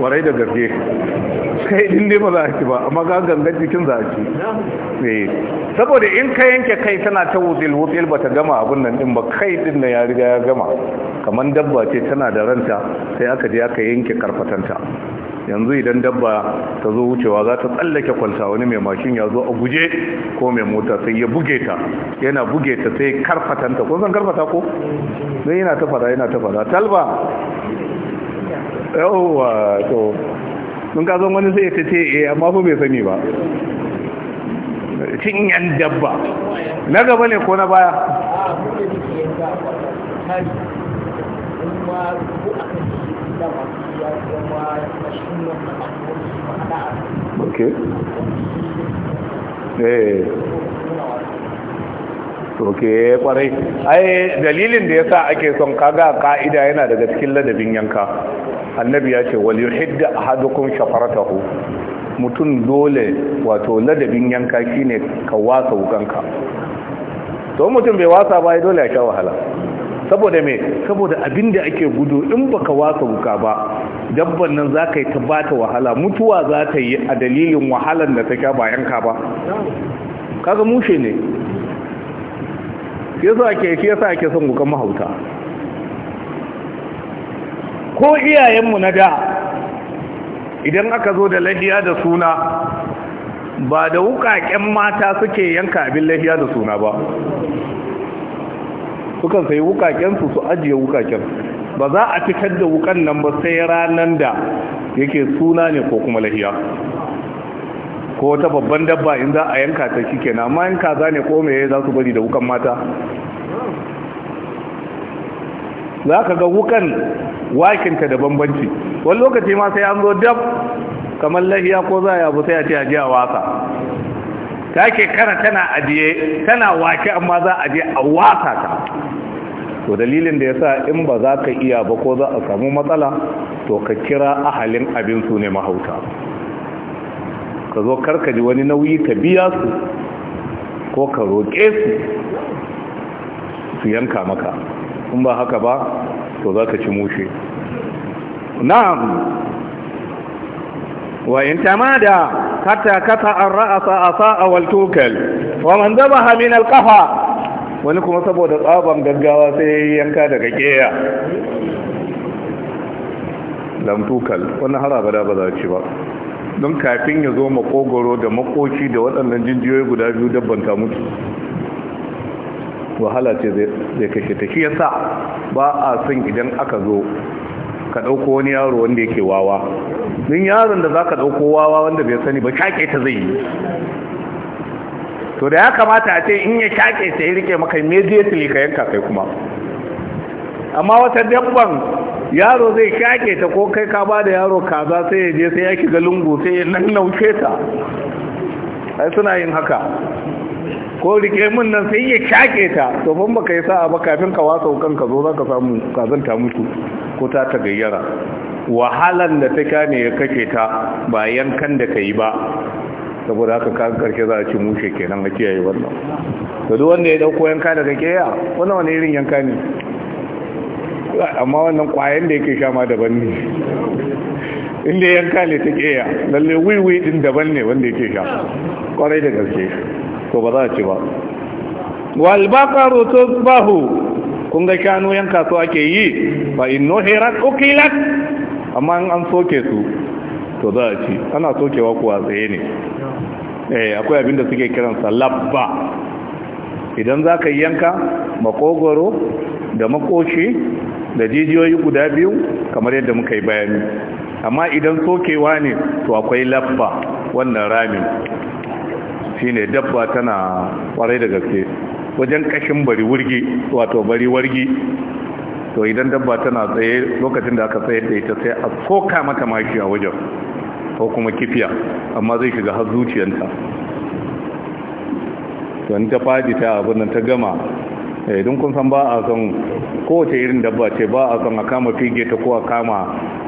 [SPEAKER 1] warai da gaske kai din ne ba za ki ba amma ga gangan jikin za ki eh saboda in ka yanke kai tana ta wutsil wutsil ta gama abun nan din ba kai din na ya riga ya gama kaman dabba ce tana da ranta sai aka je aka yanke karfatanta yanzu idan dabba ta zo wucewa za ta tsallake kwalta wani mai mashin ya zo a guje ko mai mota sai ya buge ta yana buge ta sai karfatanta kun san karfata ko zai yana ta fara yana ta fara talba yawwa to mun ka wani sai ta ce eh amma ko bai sani ba cinyan dabba na gaba ne ko na baya
[SPEAKER 2] oke eh
[SPEAKER 1] ok kwarai ai dalilin da ya sa ake son kaga ka'ida yana daga cikin ladabin yanka annabi ya ce wal yuhidda ahadukum shafaratahu mutum dole wato ladabin yanka shine ka wasa wukanka to mutum bai wasa ba dole ya sha wahala saboda me saboda abinda ake gudu in baka wasa wuka ba dabban nan za ka yi ta bata wahala mutuwa za ta yi a dalilin wahalar da ta sha ba yanka ba kaga mushe ne shi yasa ake yasa ake son wukan mahauta ko iyayenmu na da idan aka zo da lahiya da suna ba da wukaken mata suke yanka abin lahiya da suna ba sukan sayi wukakensu su ajiye wukaken ba za a fitar da wukan nan ba sai ranar da yake suna ne ko kuma lahiya ko wata babban dabba in za a yanka ta shi kenan amma yanka za ne ko mai za su bari da wukan mata za ka ga wukan wakinta da bambanci wani lokaci ma sai an zo dab kamar lahiya ko za a yabu sai a ce a wasa ta ke kana tana ajiye tana wake amma za a je a wasa ta to dalilin da ya sa in ba za ka iya ba ko za a samu matsala to ka kira ahalin abin su ne mahauta ka zo karkaji wani nauyi ka biya su ko ka roƙe su su yanka maka in ba haka ba to za ka ci mushe na'am وإن تمادى asa'a wal tukal wa man dabaha min al qafa wani kuma saboda tsaban gaggawa sai yanka daga keya tukal, wannan har abada ba za ci ba don kafin ya zo makogoro da makoci da waɗannan jinjiyoyi guda biyu dabban ta mutu wahala ce zai kashe ta shi yasa ba a son idan aka zo ka ɗauko wani yaro wanda yake wawa din yaron da za ka ɗauko wawa wanda bai sani ba shaƙe ta zai yi to da ya kamata a ce in ya shaƙe ta yi rike maka immediately ka yanka kai kuma amma wata dabban yaro zai shaƙe ta ko kai ka ba da yaro kaza sai ya je sai ya shiga lungu sai ya nan nauke ta ai suna yin haka ko rike mun nan sai ya kyake ta to ban baka yi sa'a ba kafin ka wasa kan ka zo zaka samu kazanta mutu ko ta ta gayyara wahalan da ta kane ya kake ta ba yankan da kai ba saboda haka ka karshe za a ci mushe kenan a kiyaye wannan to duk wanda ya dauko yanka daga keya wannan wani irin yanka ne amma wannan kwayan da yake sha ma daban ne inda yanka ne ta keya lalle wiwi din daban ne wanda yake sha kwarai da gaske to ba za a ci ba wal baqaru tusbahu kun ga shanu yanka su ake yi fa in nuhirat ukilat amma an soke su to za a ci ana sokewa kuwa tsaye ne eh akwai abin da suke kiransa labba idan za ka yanka makogoro da makoshi da jijiyoyi guda biyu kamar yadda muka yi bayani amma idan sokewa ne to akwai labba wannan ramin shine dabba tana kwarai da gaske wajen kashin bari wurgi wato bari wargi to idan dabba tana tsaye lokacin da aka tsayar da ita sai a koka mata maki a wajen ko kuma kifiya amma zai shiga har zuciyarta don ta fadi ta abin nan ta gama idan eh, kun san ba a son kowace irin dabba ce ba a son a kama fige ta ko a kama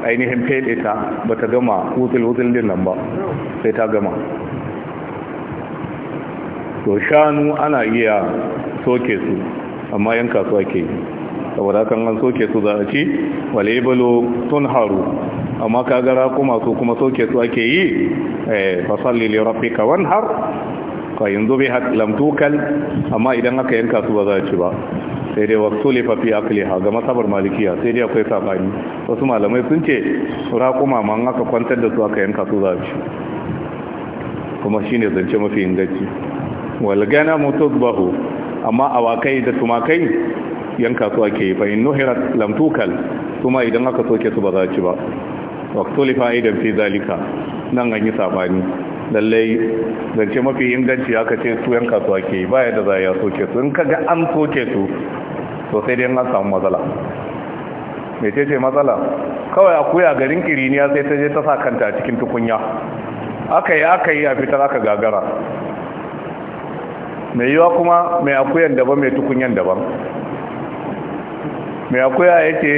[SPEAKER 1] ainihin fede ta ba ta gama wutsil-wutsil din nan ba sai ta gama to shanu ana iya soke su amma yan kasuwa ke yi saboda kan an soke su za a ci walebalo tun haru amma ka gara kuma su kuma soke su ake yi eh, fasalli li rabbika har ka yanzu bai lamtukal amma idan aka yanka kasu ba za a ci ba sai dai wasu lifafi ha ga masabar malikiya sai dai akwai sabani wasu malamai sun ce ma man aka kwantar da su aka yanka su za a ci kuma shine zance mafi inganci walgana mutuzbahu amma awakai da tumakai yanka su ake yi fa'in nuhirat lamtukal kuma idan aka soke su ba za ci ba waktoli fa'idan fi zalika nan an yi sabani lallai zance mafi inganci aka ce su yanka su ake yi ya da za ya soke su in kaga an soke su sosai dai an samu matsala mai ce ce matsala kawai akuya garin kiriniya sai ta je ta sa kanta cikin tukunya aka yi aka yi a fitar aka gagara mai yiwa kuma mai akuyan daban mai tukunyan daban mai akuya ya ce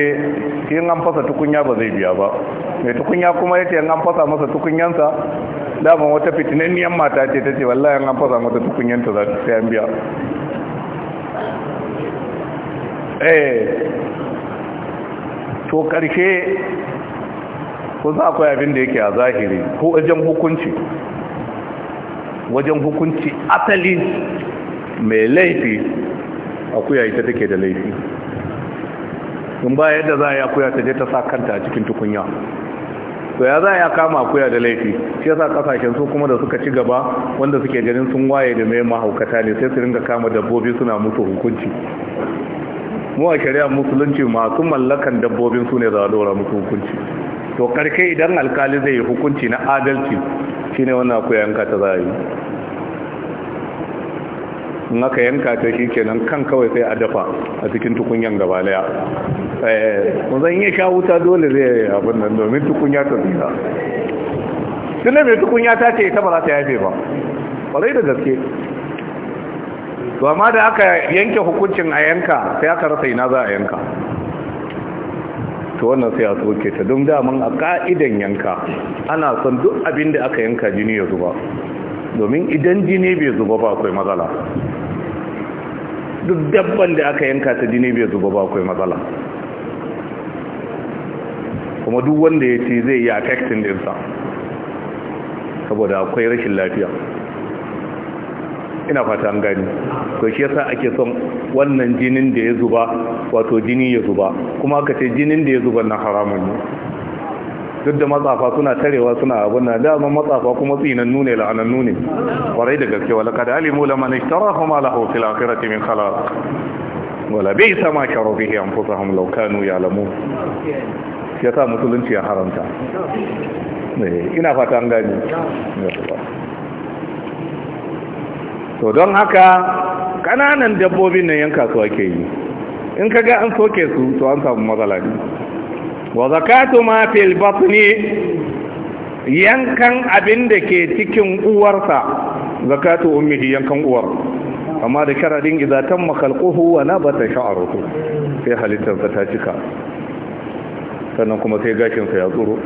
[SPEAKER 1] in an fasa tukunya ba zai biya ba mai tukunya kuma ya ce in an fasa masa tukunyansa daman wata fitinanniyar mata ce ta ce wallahi an fasa masa tukunyanta za ta yan biya eh to karshe ko za akwai abin da yake a zahiri ko wajen hukunci wajen hukunci asali mai laifi akuya ita take da laifi in ba yadda za a yi akuya ta je ta sa kanta a cikin tukunya to ya za a kama akuya da laifi shi yasa kasashen su kuma da suka ci gaba wanda suke ganin sun waye da mai mahaukata ne sai su ringa kama dabbobi suna musu hukunci mu a shari'a musulunci masu mallakan dabbobin su ne za a dora musu hukunci to karke idan alkali zai yi hukunci na adalci shine wannan akuya yanka ta za a yi in aka yanka ta shi kenan kan kawai sai a dafa a cikin tukunyan gaba daya kun eh, zan iya sha wuta dole zai abin nan domin tukunya ta zira tunan mai tukunya ta ce ita ba za ta yafe ba kwarai da gaske to amma da aka yanke hukuncin a yanka sai aka rasa ina za a yanka to wannan sai a soke ta don daman a ka'idan yanka ana son duk abin da aka yanka jini ya zuba domin idan jini bai zuba ba akwai matsala duk dabban da aka yanka ta jini bai zuba ba akwai matsala kuma duk wanda ya ce zai yi affecting dinsa saboda akwai rashin lafiya ina fata an gani to shi yasa ake son wannan jinin da ya zuba wato jini ya zuba kuma aka ce jinin da ya zuba na haramun ne duk da matsafa suna tarewa suna abin da dama matsafa kuma tsinannu ne anan ne kwarai da gaske wala kada alimu laman ishtarahu ma lahu fil akhirati min khalaq wala bi sama karu bihi anfusahum law kanu ya'lamun yasa musulunci ya haramta eh, ina fata an gani to don haka kananan dabbobin nan yanka su ake yi in kaga an soke su to an samu matsala ne wa zakatu ma fil batni yankan abin da ke cikin uwarsa zakatu ummihi yankan uwar amma da sharadin idza tamma khalquhu wa nabata sha'ruhu sai halittarsa ta cika sannan kuma sai gashinsa ya tsuro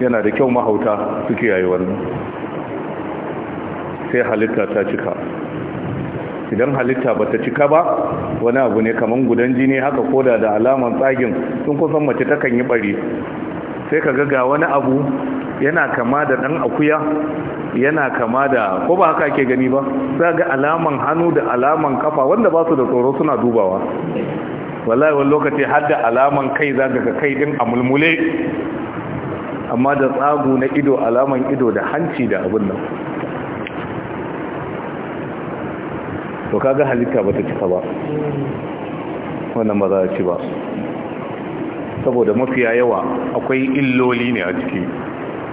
[SPEAKER 1] yana da kyau mahauta suke yayi wannan sai halitta ta cika idan halitta ba ta cika ba wani abu ne kamar gudan jini haka koda da alaman tsagin sun kusan mace takan yi bari sai ka ga wani abu yana kama da dan akuya yana kama da ko ba haka ake gani ba za ga alaman hannu da alaman kafa wanda ba su da tsoro suna dubawa wallahi wani lokaci har da alaman kai za ga kai din a mulmule amma da tsago na ido alaman ido da hanci da abin nan to kaga halitta ba ta cika ba wannan ba za ci ba saboda mafiya yawa akwai illoli ne a ciki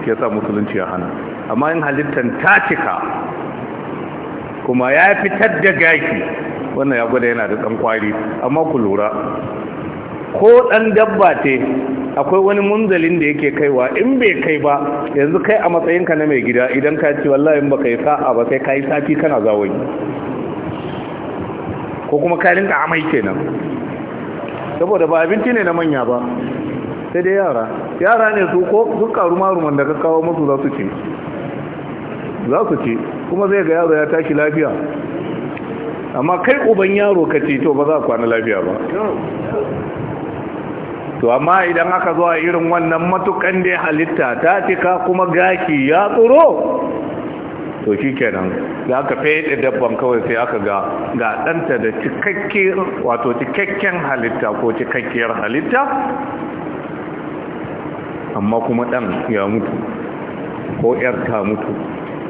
[SPEAKER 1] ya sa musulunci ya hana amma in halittar ta cika kuma ya fitar da gaki wannan ya gwada yana da ɗan kwari amma ku lura ko ɗan dabba ce akwai wani munzalin da yake kaiwa in bai kai ba yanzu kai a matsayinka na mai gida idan ka ci wallahi ba baka sa'a ba sai ka yi safi kana zawon ko kuma ka amai kenan saboda ba abinci ne na manya ba sai dai yara yara ne su ko karu maruman da ka kawo musu za su ce za su ce kuma zai ga yaro ya tashi lafiya amma kai uban yaro ka ce to ba za kwana lafiya ba to amma idan aka zo a irin wannan matukan da halitta ta cika kuma gashi ya tsoro to shi kenan da aka fede dabban kawai sai aka ga ga danta da cikakke wato cikakken halitta ko cikakkiyar halitta amma kuma dan ya mutu ko ‘yar ta mutu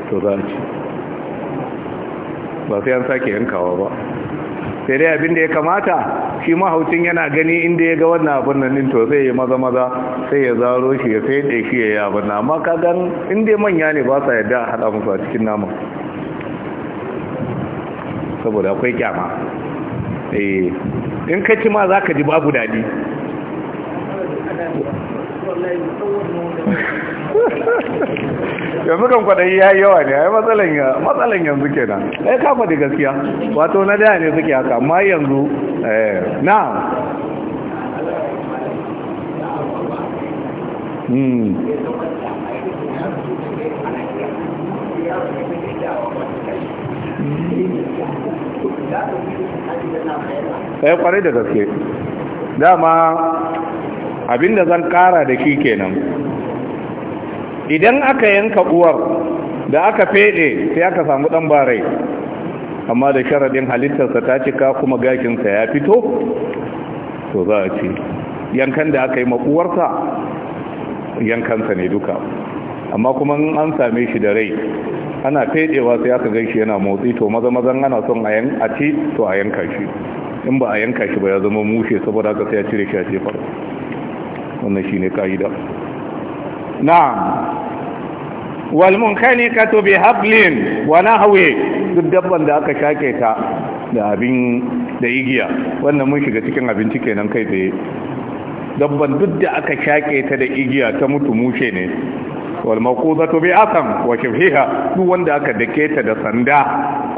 [SPEAKER 1] to za ci ba sai an sake yankawa ba sai dai abin ya kamata shi mahaucin yana gani inda ya ga wannan abin nan to zai yi maza-maza sai ya zaro shi ya sai fede shi ya yi abin na amma kagan inda manya ne ba sa yadda a haɗa musu a cikin naman saboda akwai kyama eh, in ka ci ma za ka ji babu daɗi
[SPEAKER 2] yanzu
[SPEAKER 1] kan kwadayi ya yi yawa ne ya yi matsalan yanzu ke na ya kafa da gaskiya wato na daya ne suke haka amma yanzu eh, na
[SPEAKER 2] ɗaya hmm. ƙware
[SPEAKER 1] eh, da gaske dama abinda zan ƙara da shi kenan idan aka yanka uwar da aka feɗe sai aka samu ɗan barai amma da sharaɗin halittarsa ta cika kuma gashinsa ya fito to za a ce yankan da aka yi makuwarsa yankansa ne duka amma kuma an same shi da rai ana fedewa sai aka gaishe yana motsi to maza mazan ana son a yan ci to a yanka shi in ba a yanka shi ba ya zama mushe saboda aka sai cire shi a jefar wannan shine kaida na'am wal ka bi hablin wa nahwi duk dabban da aka shake ta da abin da igiya wannan mun shiga cikin abinci kenan kai tsaye dabban duk da aka shaƙe ta da igiya ta mutu mushe ne wal to bi asam wa shibhiha duk wanda aka dake ta da sanda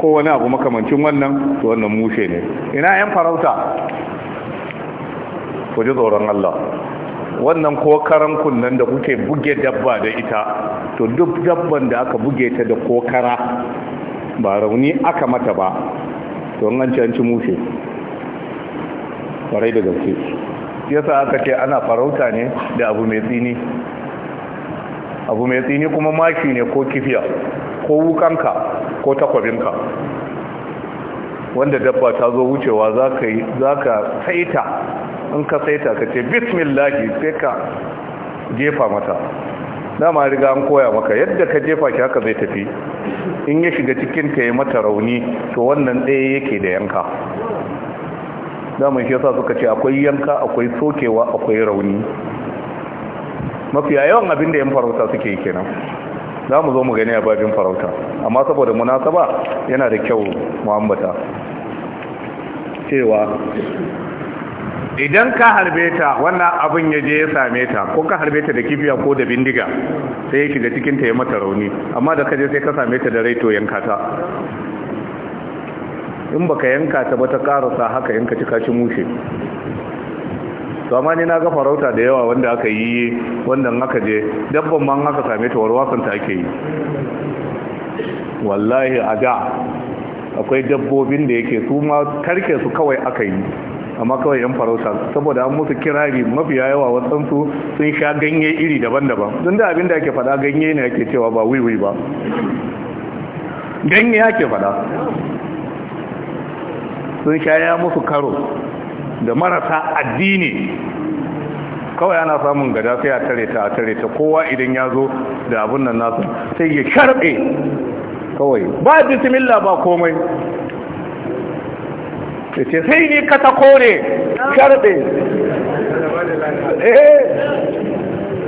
[SPEAKER 1] ko wani abu makamancin wannan to wannan mushe ne ina yan farauta ku ji tsoron Allah wannan ko karan kunnan da kuke buge dabba da ita to duk dabban da aka buge ta da kokara ba rauni aka mata ba to an ci an ci mushe kwarai da gaske yasa aka ce ana farauta ne da abu mai tsini abu mai tsini kuma maki ne ko kifiya ko wukanka ko takwabinka wanda dabba ta zo wucewa za ka saita in ka saita ka ce bismillahi sai ka jefa mata dama riga an koya maka yadda ka jefa ki haka zai tafi in ya shiga cikin ka yi mata rauni to wannan ɗaya yake da yanka daman shi yasa suka ce akwai yanka akwai sokewa akwai rauni mafiya yawan abin da yan farauta suke yi kenan za mu zo mu gani a babin farauta amma saboda munasaba yana da kyau Muhammata. cewa idan ka harbe ta wannan abin ya je ya same ta ko ka harbe ta da kifiya ko da bindiga sai ya shiga cikin ta ya mata rauni amma da ka je sai ka same ta da raito to yanka ta in baka yanka ta ba ta karasa haka yanka ci wuce. mushe na ga farauta da yawa wanda aka yi wanda aka je dabban ma aka same ta warwakan ta ake yi wallahi a da akwai dabbobin da yake su ma karke su kawai aka yi amma kawai yan farauta saboda an musu kirari mafiya yawa wasansu sun sha ganye iri daban-daban sun da abin da ake fada ganye ne ake cewa ba wiwi ba ganye ake fada sun shaya musu karo da marasa addini kawai ana samun gada sai a tare ta a tare ta kowa idan ya zo da abin nan nasu sai ya sharbe kawai ba bismillah ba komai ce sai ni ka ta
[SPEAKER 2] Sharɓe. Eh,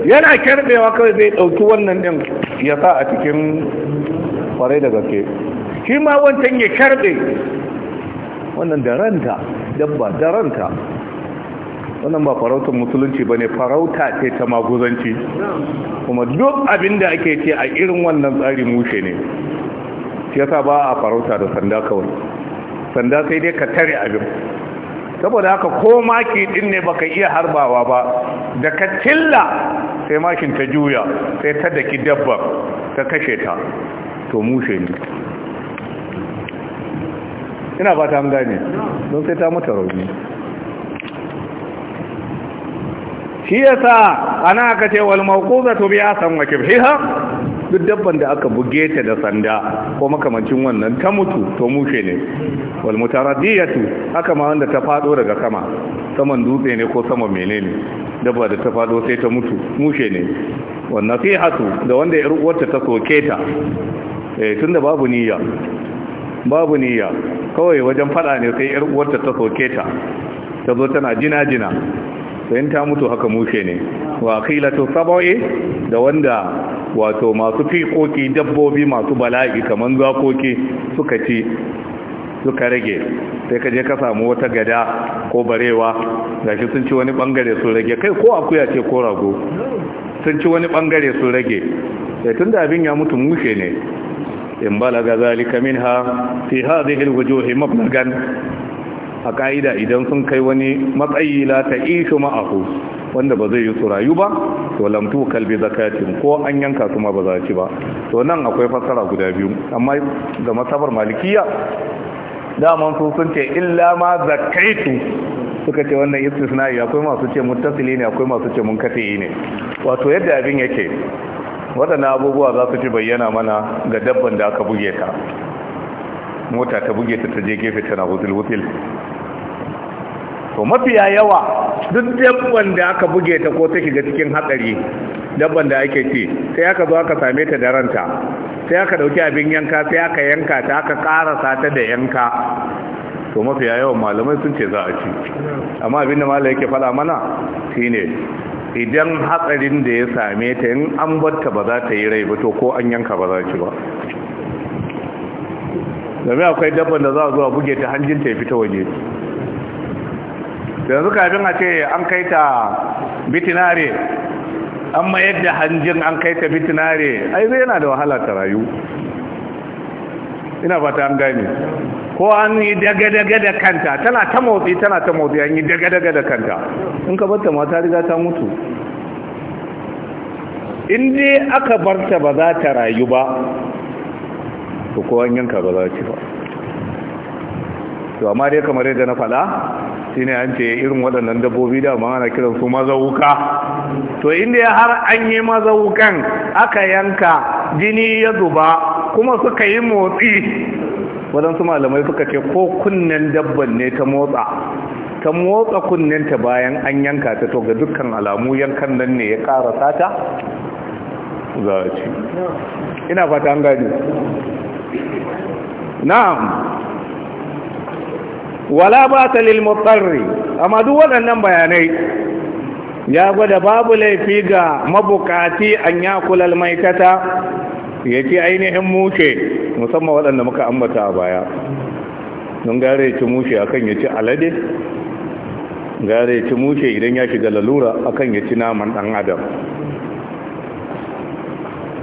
[SPEAKER 1] yana karbewa kawai zai dauki wannan din ya sa a cikin kwarai da gaske shi ma wancan ya karbe wannan da ranta dabba da ranta wannan ba farautar musulunci ba ne farauta ce ta maguzanci kuma duk abin da ake ce a irin wannan tsari mushe ne shi yasa ba a farauta da sanda kawai sanda sai dai ka tare abin saboda haka ko maki din ne baka iya harbawa ba da ka cilla sai makin ta juya sai ta daki dabba ta kashe ta to mushe ne ina ba ta gane don sai ta mata rauni shi ya yasa ana aka ce wal to biya san wakil hiha duk dabban da aka buge ta da sanda ko makamancin wannan ta mutu to mushe ne wal ce haka ma wanda ta fado daga sama saman dutse ne ko saman menene dabba da ta fado sai ta mutu mushe ne Wannan fi hatu da wanda ya ruwarta ta soke ta eh, tun da babu niyya babu niyya kawai wajen fada ne sai yar uwarta ta soke ta ta zo tana jina jina sai ta mutu haka mushe ne wa khilatu sabai da wanda wato masu fikoki dabbobi masu bala'i kaman zakoki suka ci suka rage sai ka je ka samu wata gada ko barewa gashi sun ci wani bangare sun rage kai ko akuya ce ko rago sun ci wani bangare sun rage sai tun da abin ya mutu mushe ne in balaga zalika minha fi hadhihi alwujuhi mablagan a ka'ida idan sun kai wani matsayi la ta'ishu ma'ahu wanda ba zai yi su ba to lamtu kalbi zakatin ko an yanka kuma ba za ci ba to nan akwai fassara guda biyu amma ga masabar malikiya daman sun sun ce illa ma zakaitu suka ce wannan istisna'i akwai masu ce muttasili ne akwai masu ce mun kafe ne wato yadda abin yake waɗannan abubuwa za su ci bayyana mana ga dabban da aka buge ta mota ta buge ta ta je gefe tana hutul-hutul to mafiya yawa duk dabban da aka buge ta ko ta shiga cikin haɗari, dabban da ake ce sai aka zo aka same ta da ranta sai aka ɗauki abin yanka sai aka yanka ta aka ƙarasa ta da yanka to mafiya yawan malamai sun ce za a ci amma abin da malai yake fada mana shine idan hatsarin da ya same ta yin an batta ba za ta yi rai ba to ko an yanka ba za ci ba domin akwai dabban da za a zuwa buge ta hanjin ta ya fita waje yanzu kafin a ce an kai ta bitinare an mayar da hanjin an kai ta bitinare ai zai yana da wahala ta rayu ina ta an gane ko an yi daga-daga da kanta tana ta motsi tana ta motsi an yi daga-daga da kanta in ka barta mata riga ta mutu in dai aka barta ba za ta rayu ba to ko an yanka ba za ci ba to amma dai kamar yadda na faɗa shine an ce irin waɗannan dabbobi da ma ana kiran su mazauka to inda har an yi mazaukan aka yanka jini ya zuba kuma suka yi motsi waɗansu malamai suka ce ko kunnen dabban ne ta motsa ta motsa kunnenta bayan an yanka ta to ga dukkan alamu yankan nan ne ya ƙara sata za a ce ina fata an gani na'am wala ba ta lilmutsarri amma duk waɗannan bayanai ya gwada babu laifi ga mabukati an yakulal maitata ya ci ainihin muke musamman waɗanda muka ambata a baya don gare ci mushe akan ya ci alade gare ci mushe idan ya shiga lalura akan ya ci naman ɗan adam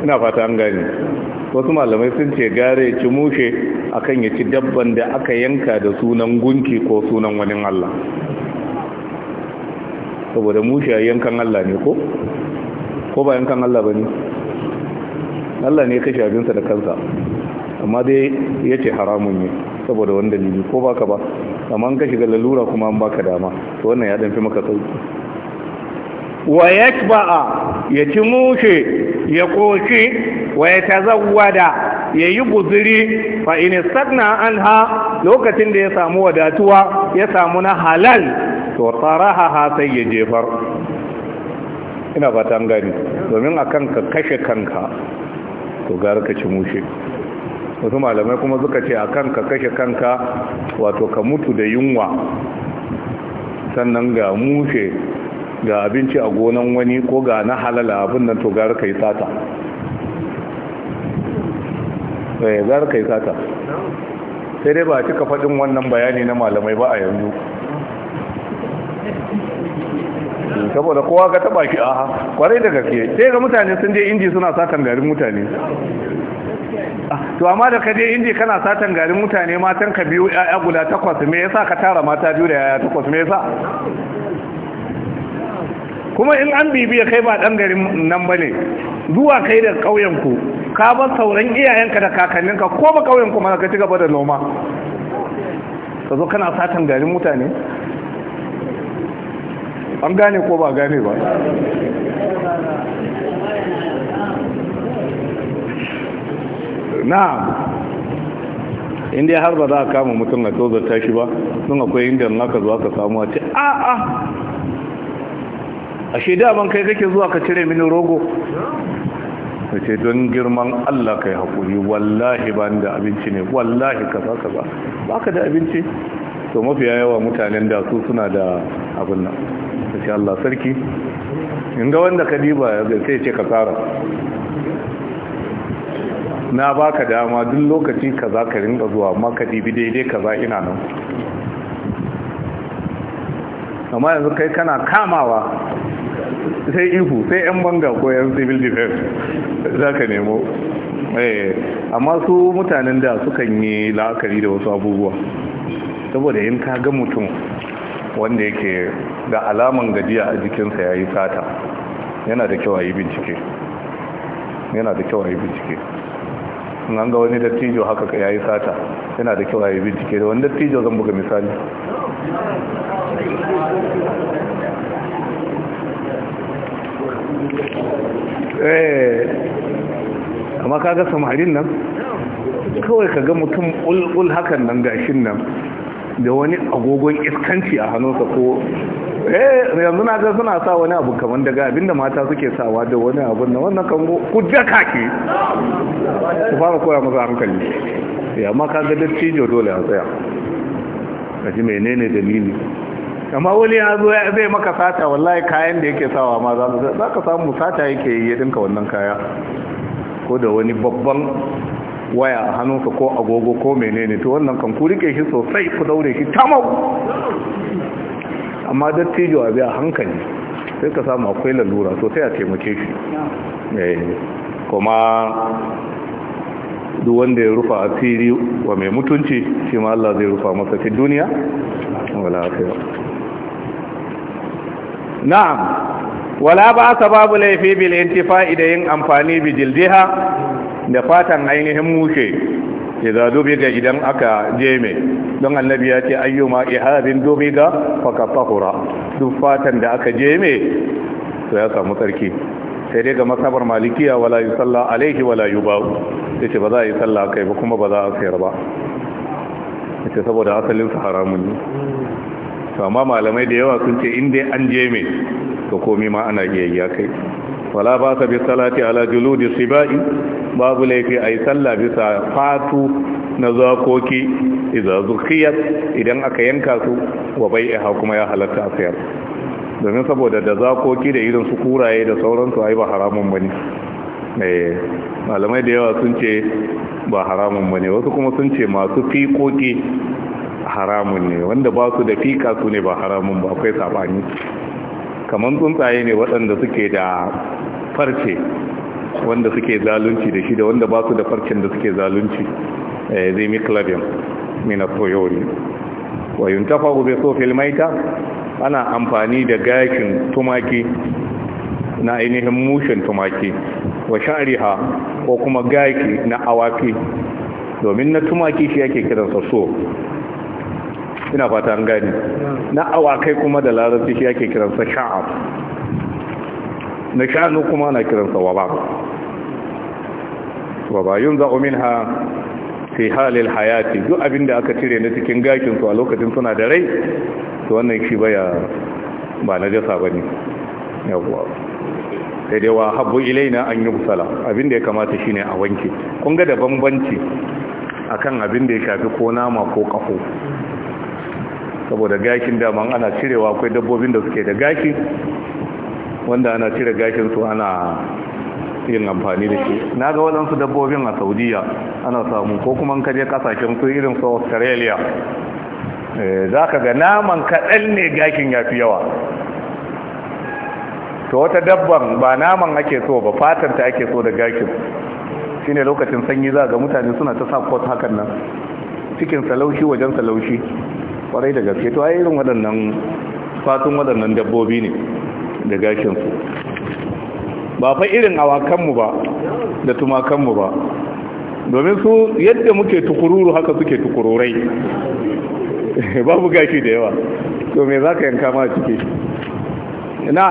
[SPEAKER 1] ina fata an gani wasu malamai sun ce gare ci mushe akan ya ci dabban da aka yanka da sunan gunki ko sunan wani Allah saboda mushe a yankan Allah ne ko ko ba yankan Allah ba ne Allah ne ya kashe abinsa da kansa amma dai ya ce haramun ne saboda wani dalili ko baka ba amma an ka shiga lalura kuma an baka dama to wannan ya danfi maka sauki wa yakba'a ya ci mushe ya koshi wa ya tazawwada ya yi guziri fa in istagna anha lokacin da ya samu wadatuwa ya samu na halal to taraha sai ya jefar ina fata an gani domin akan ka kashe kanka to gara ka ci mushe wasu malamai kuma suka ce a kanka kashe kanka wato ka mutu da yunwa sannan ga mushe ga abinci a gonan wani ko ga na halala abin nan to gara ka yi sata eh, gara ka yi sata sai dai ba a cika faɗin wannan bayani na malamai ba a yanzu saboda kowa ka taba ki aha kwarai da gaske sai ga mutane sun je inji suna sakan garin mutane to amma da ka je inji kana satan garin mutane matan ka biyu ya guda takwas me yasa ka tara mata biyu da ya takwas me yasa kuma in an bibiya kai ba dan garin nan bane zuwa kai da kauyen ku ka bar sauran iyayenka da kakanninka ko ba kauyen ku ma ka ci gaba da noma ka zo kana satan garin mutane an gane ko ba gane ba na'am inda har ba za a kama mutum a tozarta shi ba sun akwai inda naka zuwa ka samu a ce a a a shaida ban kai kake zuwa ka cire mini rogo da ce don girman allah kai haƙuri wallahi ba da abinci ne wallahi kaza kaza ba ka da abinci to mafiya yawa mutanen da su suna da abin nan da ce allah sarki inda wanda ka diba ya ce ka tsara na baka dama duk lokaci za ka rinka zuwa maka dibi daidai za ina nan amma yanzu kai kana kamawa sai ihu sai yan banga ko yan civil defense za ka nemo eh, amma su mutanen da sukan yi la'akari da wasu abubuwa saboda yin ka ga mutum wanda yake da alaman gajiya a jikinsa ya yi sata yana da kyau yi bincike yana da kyau a yi bincike an ga wani dattijo haka ya yi sata yana da kyau a yi bincike da wani dattijo zan buga misali eh, amma kaga samarin nan kawai kaga ga mutum ulul hakan nan gashin nan da wani agogon iskanci a hannunsa ko eh yanzu na ga suna sa wani abu kamar daga abinda mata suke sawa da wani abu na wannan kango ku jaka ki ku fara koya masa hankali ya eh, amma ka ga dattijo dole a tsaya ka ji menene dalili amma wani ya zo zai maka sata wallahi kayan da yake sawa ma za ka samu sata yake yi ya dinka wannan kaya ko da wani babban waya a hannunsa ko agogo ko menene to wannan kan ku rike shi sosai ku daure shi tamau amma dattijo a biya hankali sai ka samu akwai lalura sosai a taimake shi eh, kuma duk wanda ya rufa asiri wa mai mutunci shi ma Allah zai rufa masa fi duniya wala na'am wala ba sababu laifi bil intifa'i da yin amfani bi jildiha da fatan ainihin mushe dubi ga idan aka jeme don annabi ya ce ayyuma dubi ga faqad fahura duk fatan da aka jeme to ya samu tsarki sai dai ga masabar malikiya wala yusalla alaihi wala Ya ce ba za a yi sallah kai ba kuma ba za a sayar ba ce saboda asalin su haramun ne to amma malamai da yawa sun ce in dai an jeme to komai ma ana iya kai wala ba ka bi salati ala juludi sibai babu laifi a yi sallah bisa fatu na zakoki idan zukiyar idan aka yanka su wa bai kuma ya halatta a sayar domin saboda da zakoki da irin su kuraye da sauransu ai ba haramun bane eh, malamai da yawa sun ce ba haramun bane wasu kuma sun ce masu fiƙoƙi haramun ne wanda ba su da fiƙa su ne ba haramun ba akwai sabani kamar tsuntsaye ne waɗanda suke da farce wanda suke zalunci da shi da wanda ba su da farcen da suke zalunci eh, zai mi klabin mina soyori wayun tafa gube sofil maita ana amfani da gashin tumaki na ainihin mushin tumaki wa sha'riha ko kuma gashi na awaki domin na tumaki shi yake kiransa so ina fata an gani na awakai kuma da larabci shi yake kiransa sha'ab na shanu kuma na sa waba waba yun za'u minha fi halil hayati duk abin da aka cire na cikin gakin su a lokacin suna da rai to wannan shi baya ba na jasa bane yawa sai dai wa habbu ilaina an yubsala abin da ya kamata shine a wanke kun ga da bambanci akan abin da ya shafi ko nama ko kafo saboda gakin man ana cirewa akwai dabbobin da suke da gaki wanda ana cire gashin su ana yin amfani da shi na ga waɗansu dabbobin a saudiya ana samu ko kuma ka je kasashen su irin su australia eh, za ka ga naman kaɗan ne gashin ya fi yawa to wata dabban ba naman ake so ba fatan ta ake so da gashin ne lokacin sanyi za ga mutane suna ta sa kot hakan nan cikin salaushi wajen salaushi kwarai da gaske to ai irin waɗannan fatun waɗannan dabbobi ne da gashinsu ba fa irin awakanmu ba da tumakanmu ba domin su yadda muke tukururu haka suke tukururai babu gashi da yawa to me za ka yanka ma ciki Ina,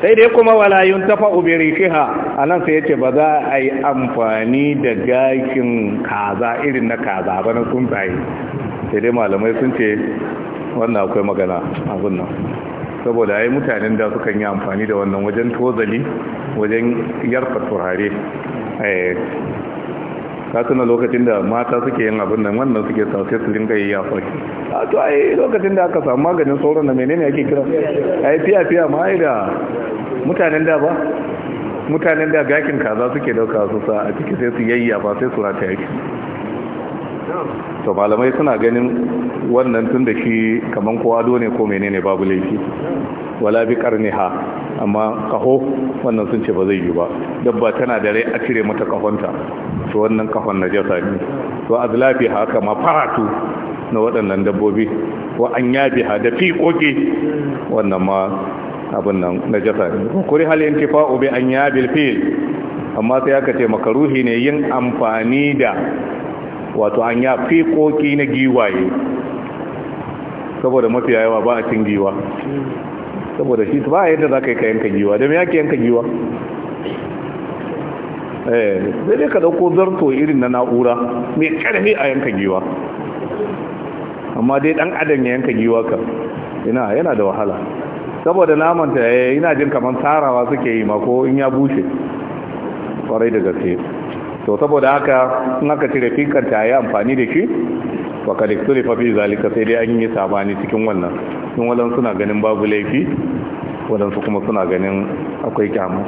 [SPEAKER 1] sai dai kuma walayun tafa ubirikiha a nan sai yace ba za a yi amfani da gashin kaza irin na kaza ba na tsuntsaye sai dai malamai sun ce wannan akwai magana a nan saboda ai mutanen da sukan yi amfani da wannan wajen tozali wajen yarfa turare eh, ka tuna lokacin da mata suke yin abin nan wannan suke sa sai su dinga yi yafa a ah, to ai lokacin da aka samu maganin sauran da menene ake kira ai fiya fiya ma yi da mutanen da ba mutanen da gakin kaza suke dauka su sa a ciki sai su ba sai su rata yake to malamai suna ganin wannan tun da shi kaman kowa ne ko menene babu laifi wala bi karniha amma kaho wannan sun ce ba zai yi ba dabba tana da rai a cire mata kahonta to wannan kahon jasa ne to azlafi haka ma faratu na waɗannan dabbobi wa an yabi ha da fiƙoƙi wannan ma abin nan na jasa ne kuri hal intifa'u bi an yabil fil amma sai aka ce makaruhi ne yin amfani da wato an ya fekoki na giwaye saboda mafi yawa ba a cin giwa saboda shi ba a yadda za ka yi ka yanka giwa don ya ke yanka giwa zai eh, dai ka dauko zarto irin na na'ura mai karfi a yanka giwa amma dai dan adam ya yanka giwa ka ina yana da wahala saboda namanta ya eh, yana jin kamar tarawa suke yi mako in ya bushe kwarai da gaske to saboda haka in aka cire fikanta ya yi amfani da shi waka da su fafi zalika sai dai an yi sabani cikin wannan in wadan suna ganin babu laifi wadansu kuma suna ganin akwai kyamu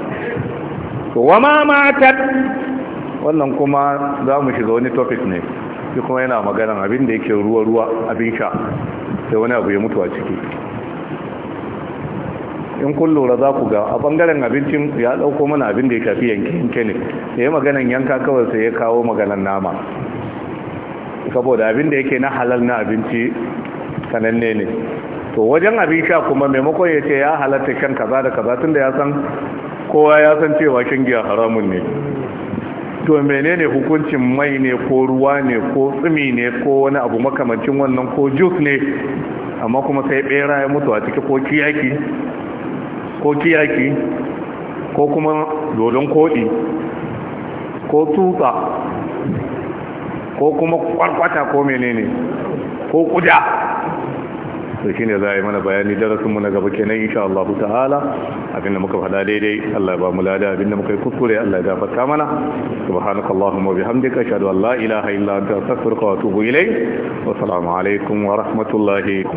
[SPEAKER 1] to wa ma matar wannan kuma za mu shiga wani topic ne shi kuma yana maganan abin da yake ruwa-ruwa abin sha sai wani abu ya mutu a ciki in kun lura za ku ga a bangaren abincin ya dauko mana abin da ya tafi yanke yanke ne da ya maganan yanka kawai sai ya kawo maganan nama saboda abin da yake na halal na abinci sananne ne to wajen abin sha kuma maimakon ya ce ya halatta shan kaza da kaza tun da ya san kowa ya san cewa shan giya haramun ne to menene hukuncin mai ne ko ruwa ne ko tsumi ne ko wani abu makamancin wannan ko jus ne amma kuma sai bera ya mutu a ciki ko kiyaki ko kiyaki ko kuma dodon koɗi ko tuta ko kuma kwarkwata ko menene ko kuda to shine za a yi mana bayani darasinmu na gaba kenan insha Allah ta'ala abinda muka faɗa daidai Allah ya ba mu lada abinda muka yi kuskure Allah ya gafarta mana subhanakallahumma bihamdika ashhadu an la ilaha illa anta astaghfiruka wa atubu ilayk wa assalamu alaikum wa rahmatullahi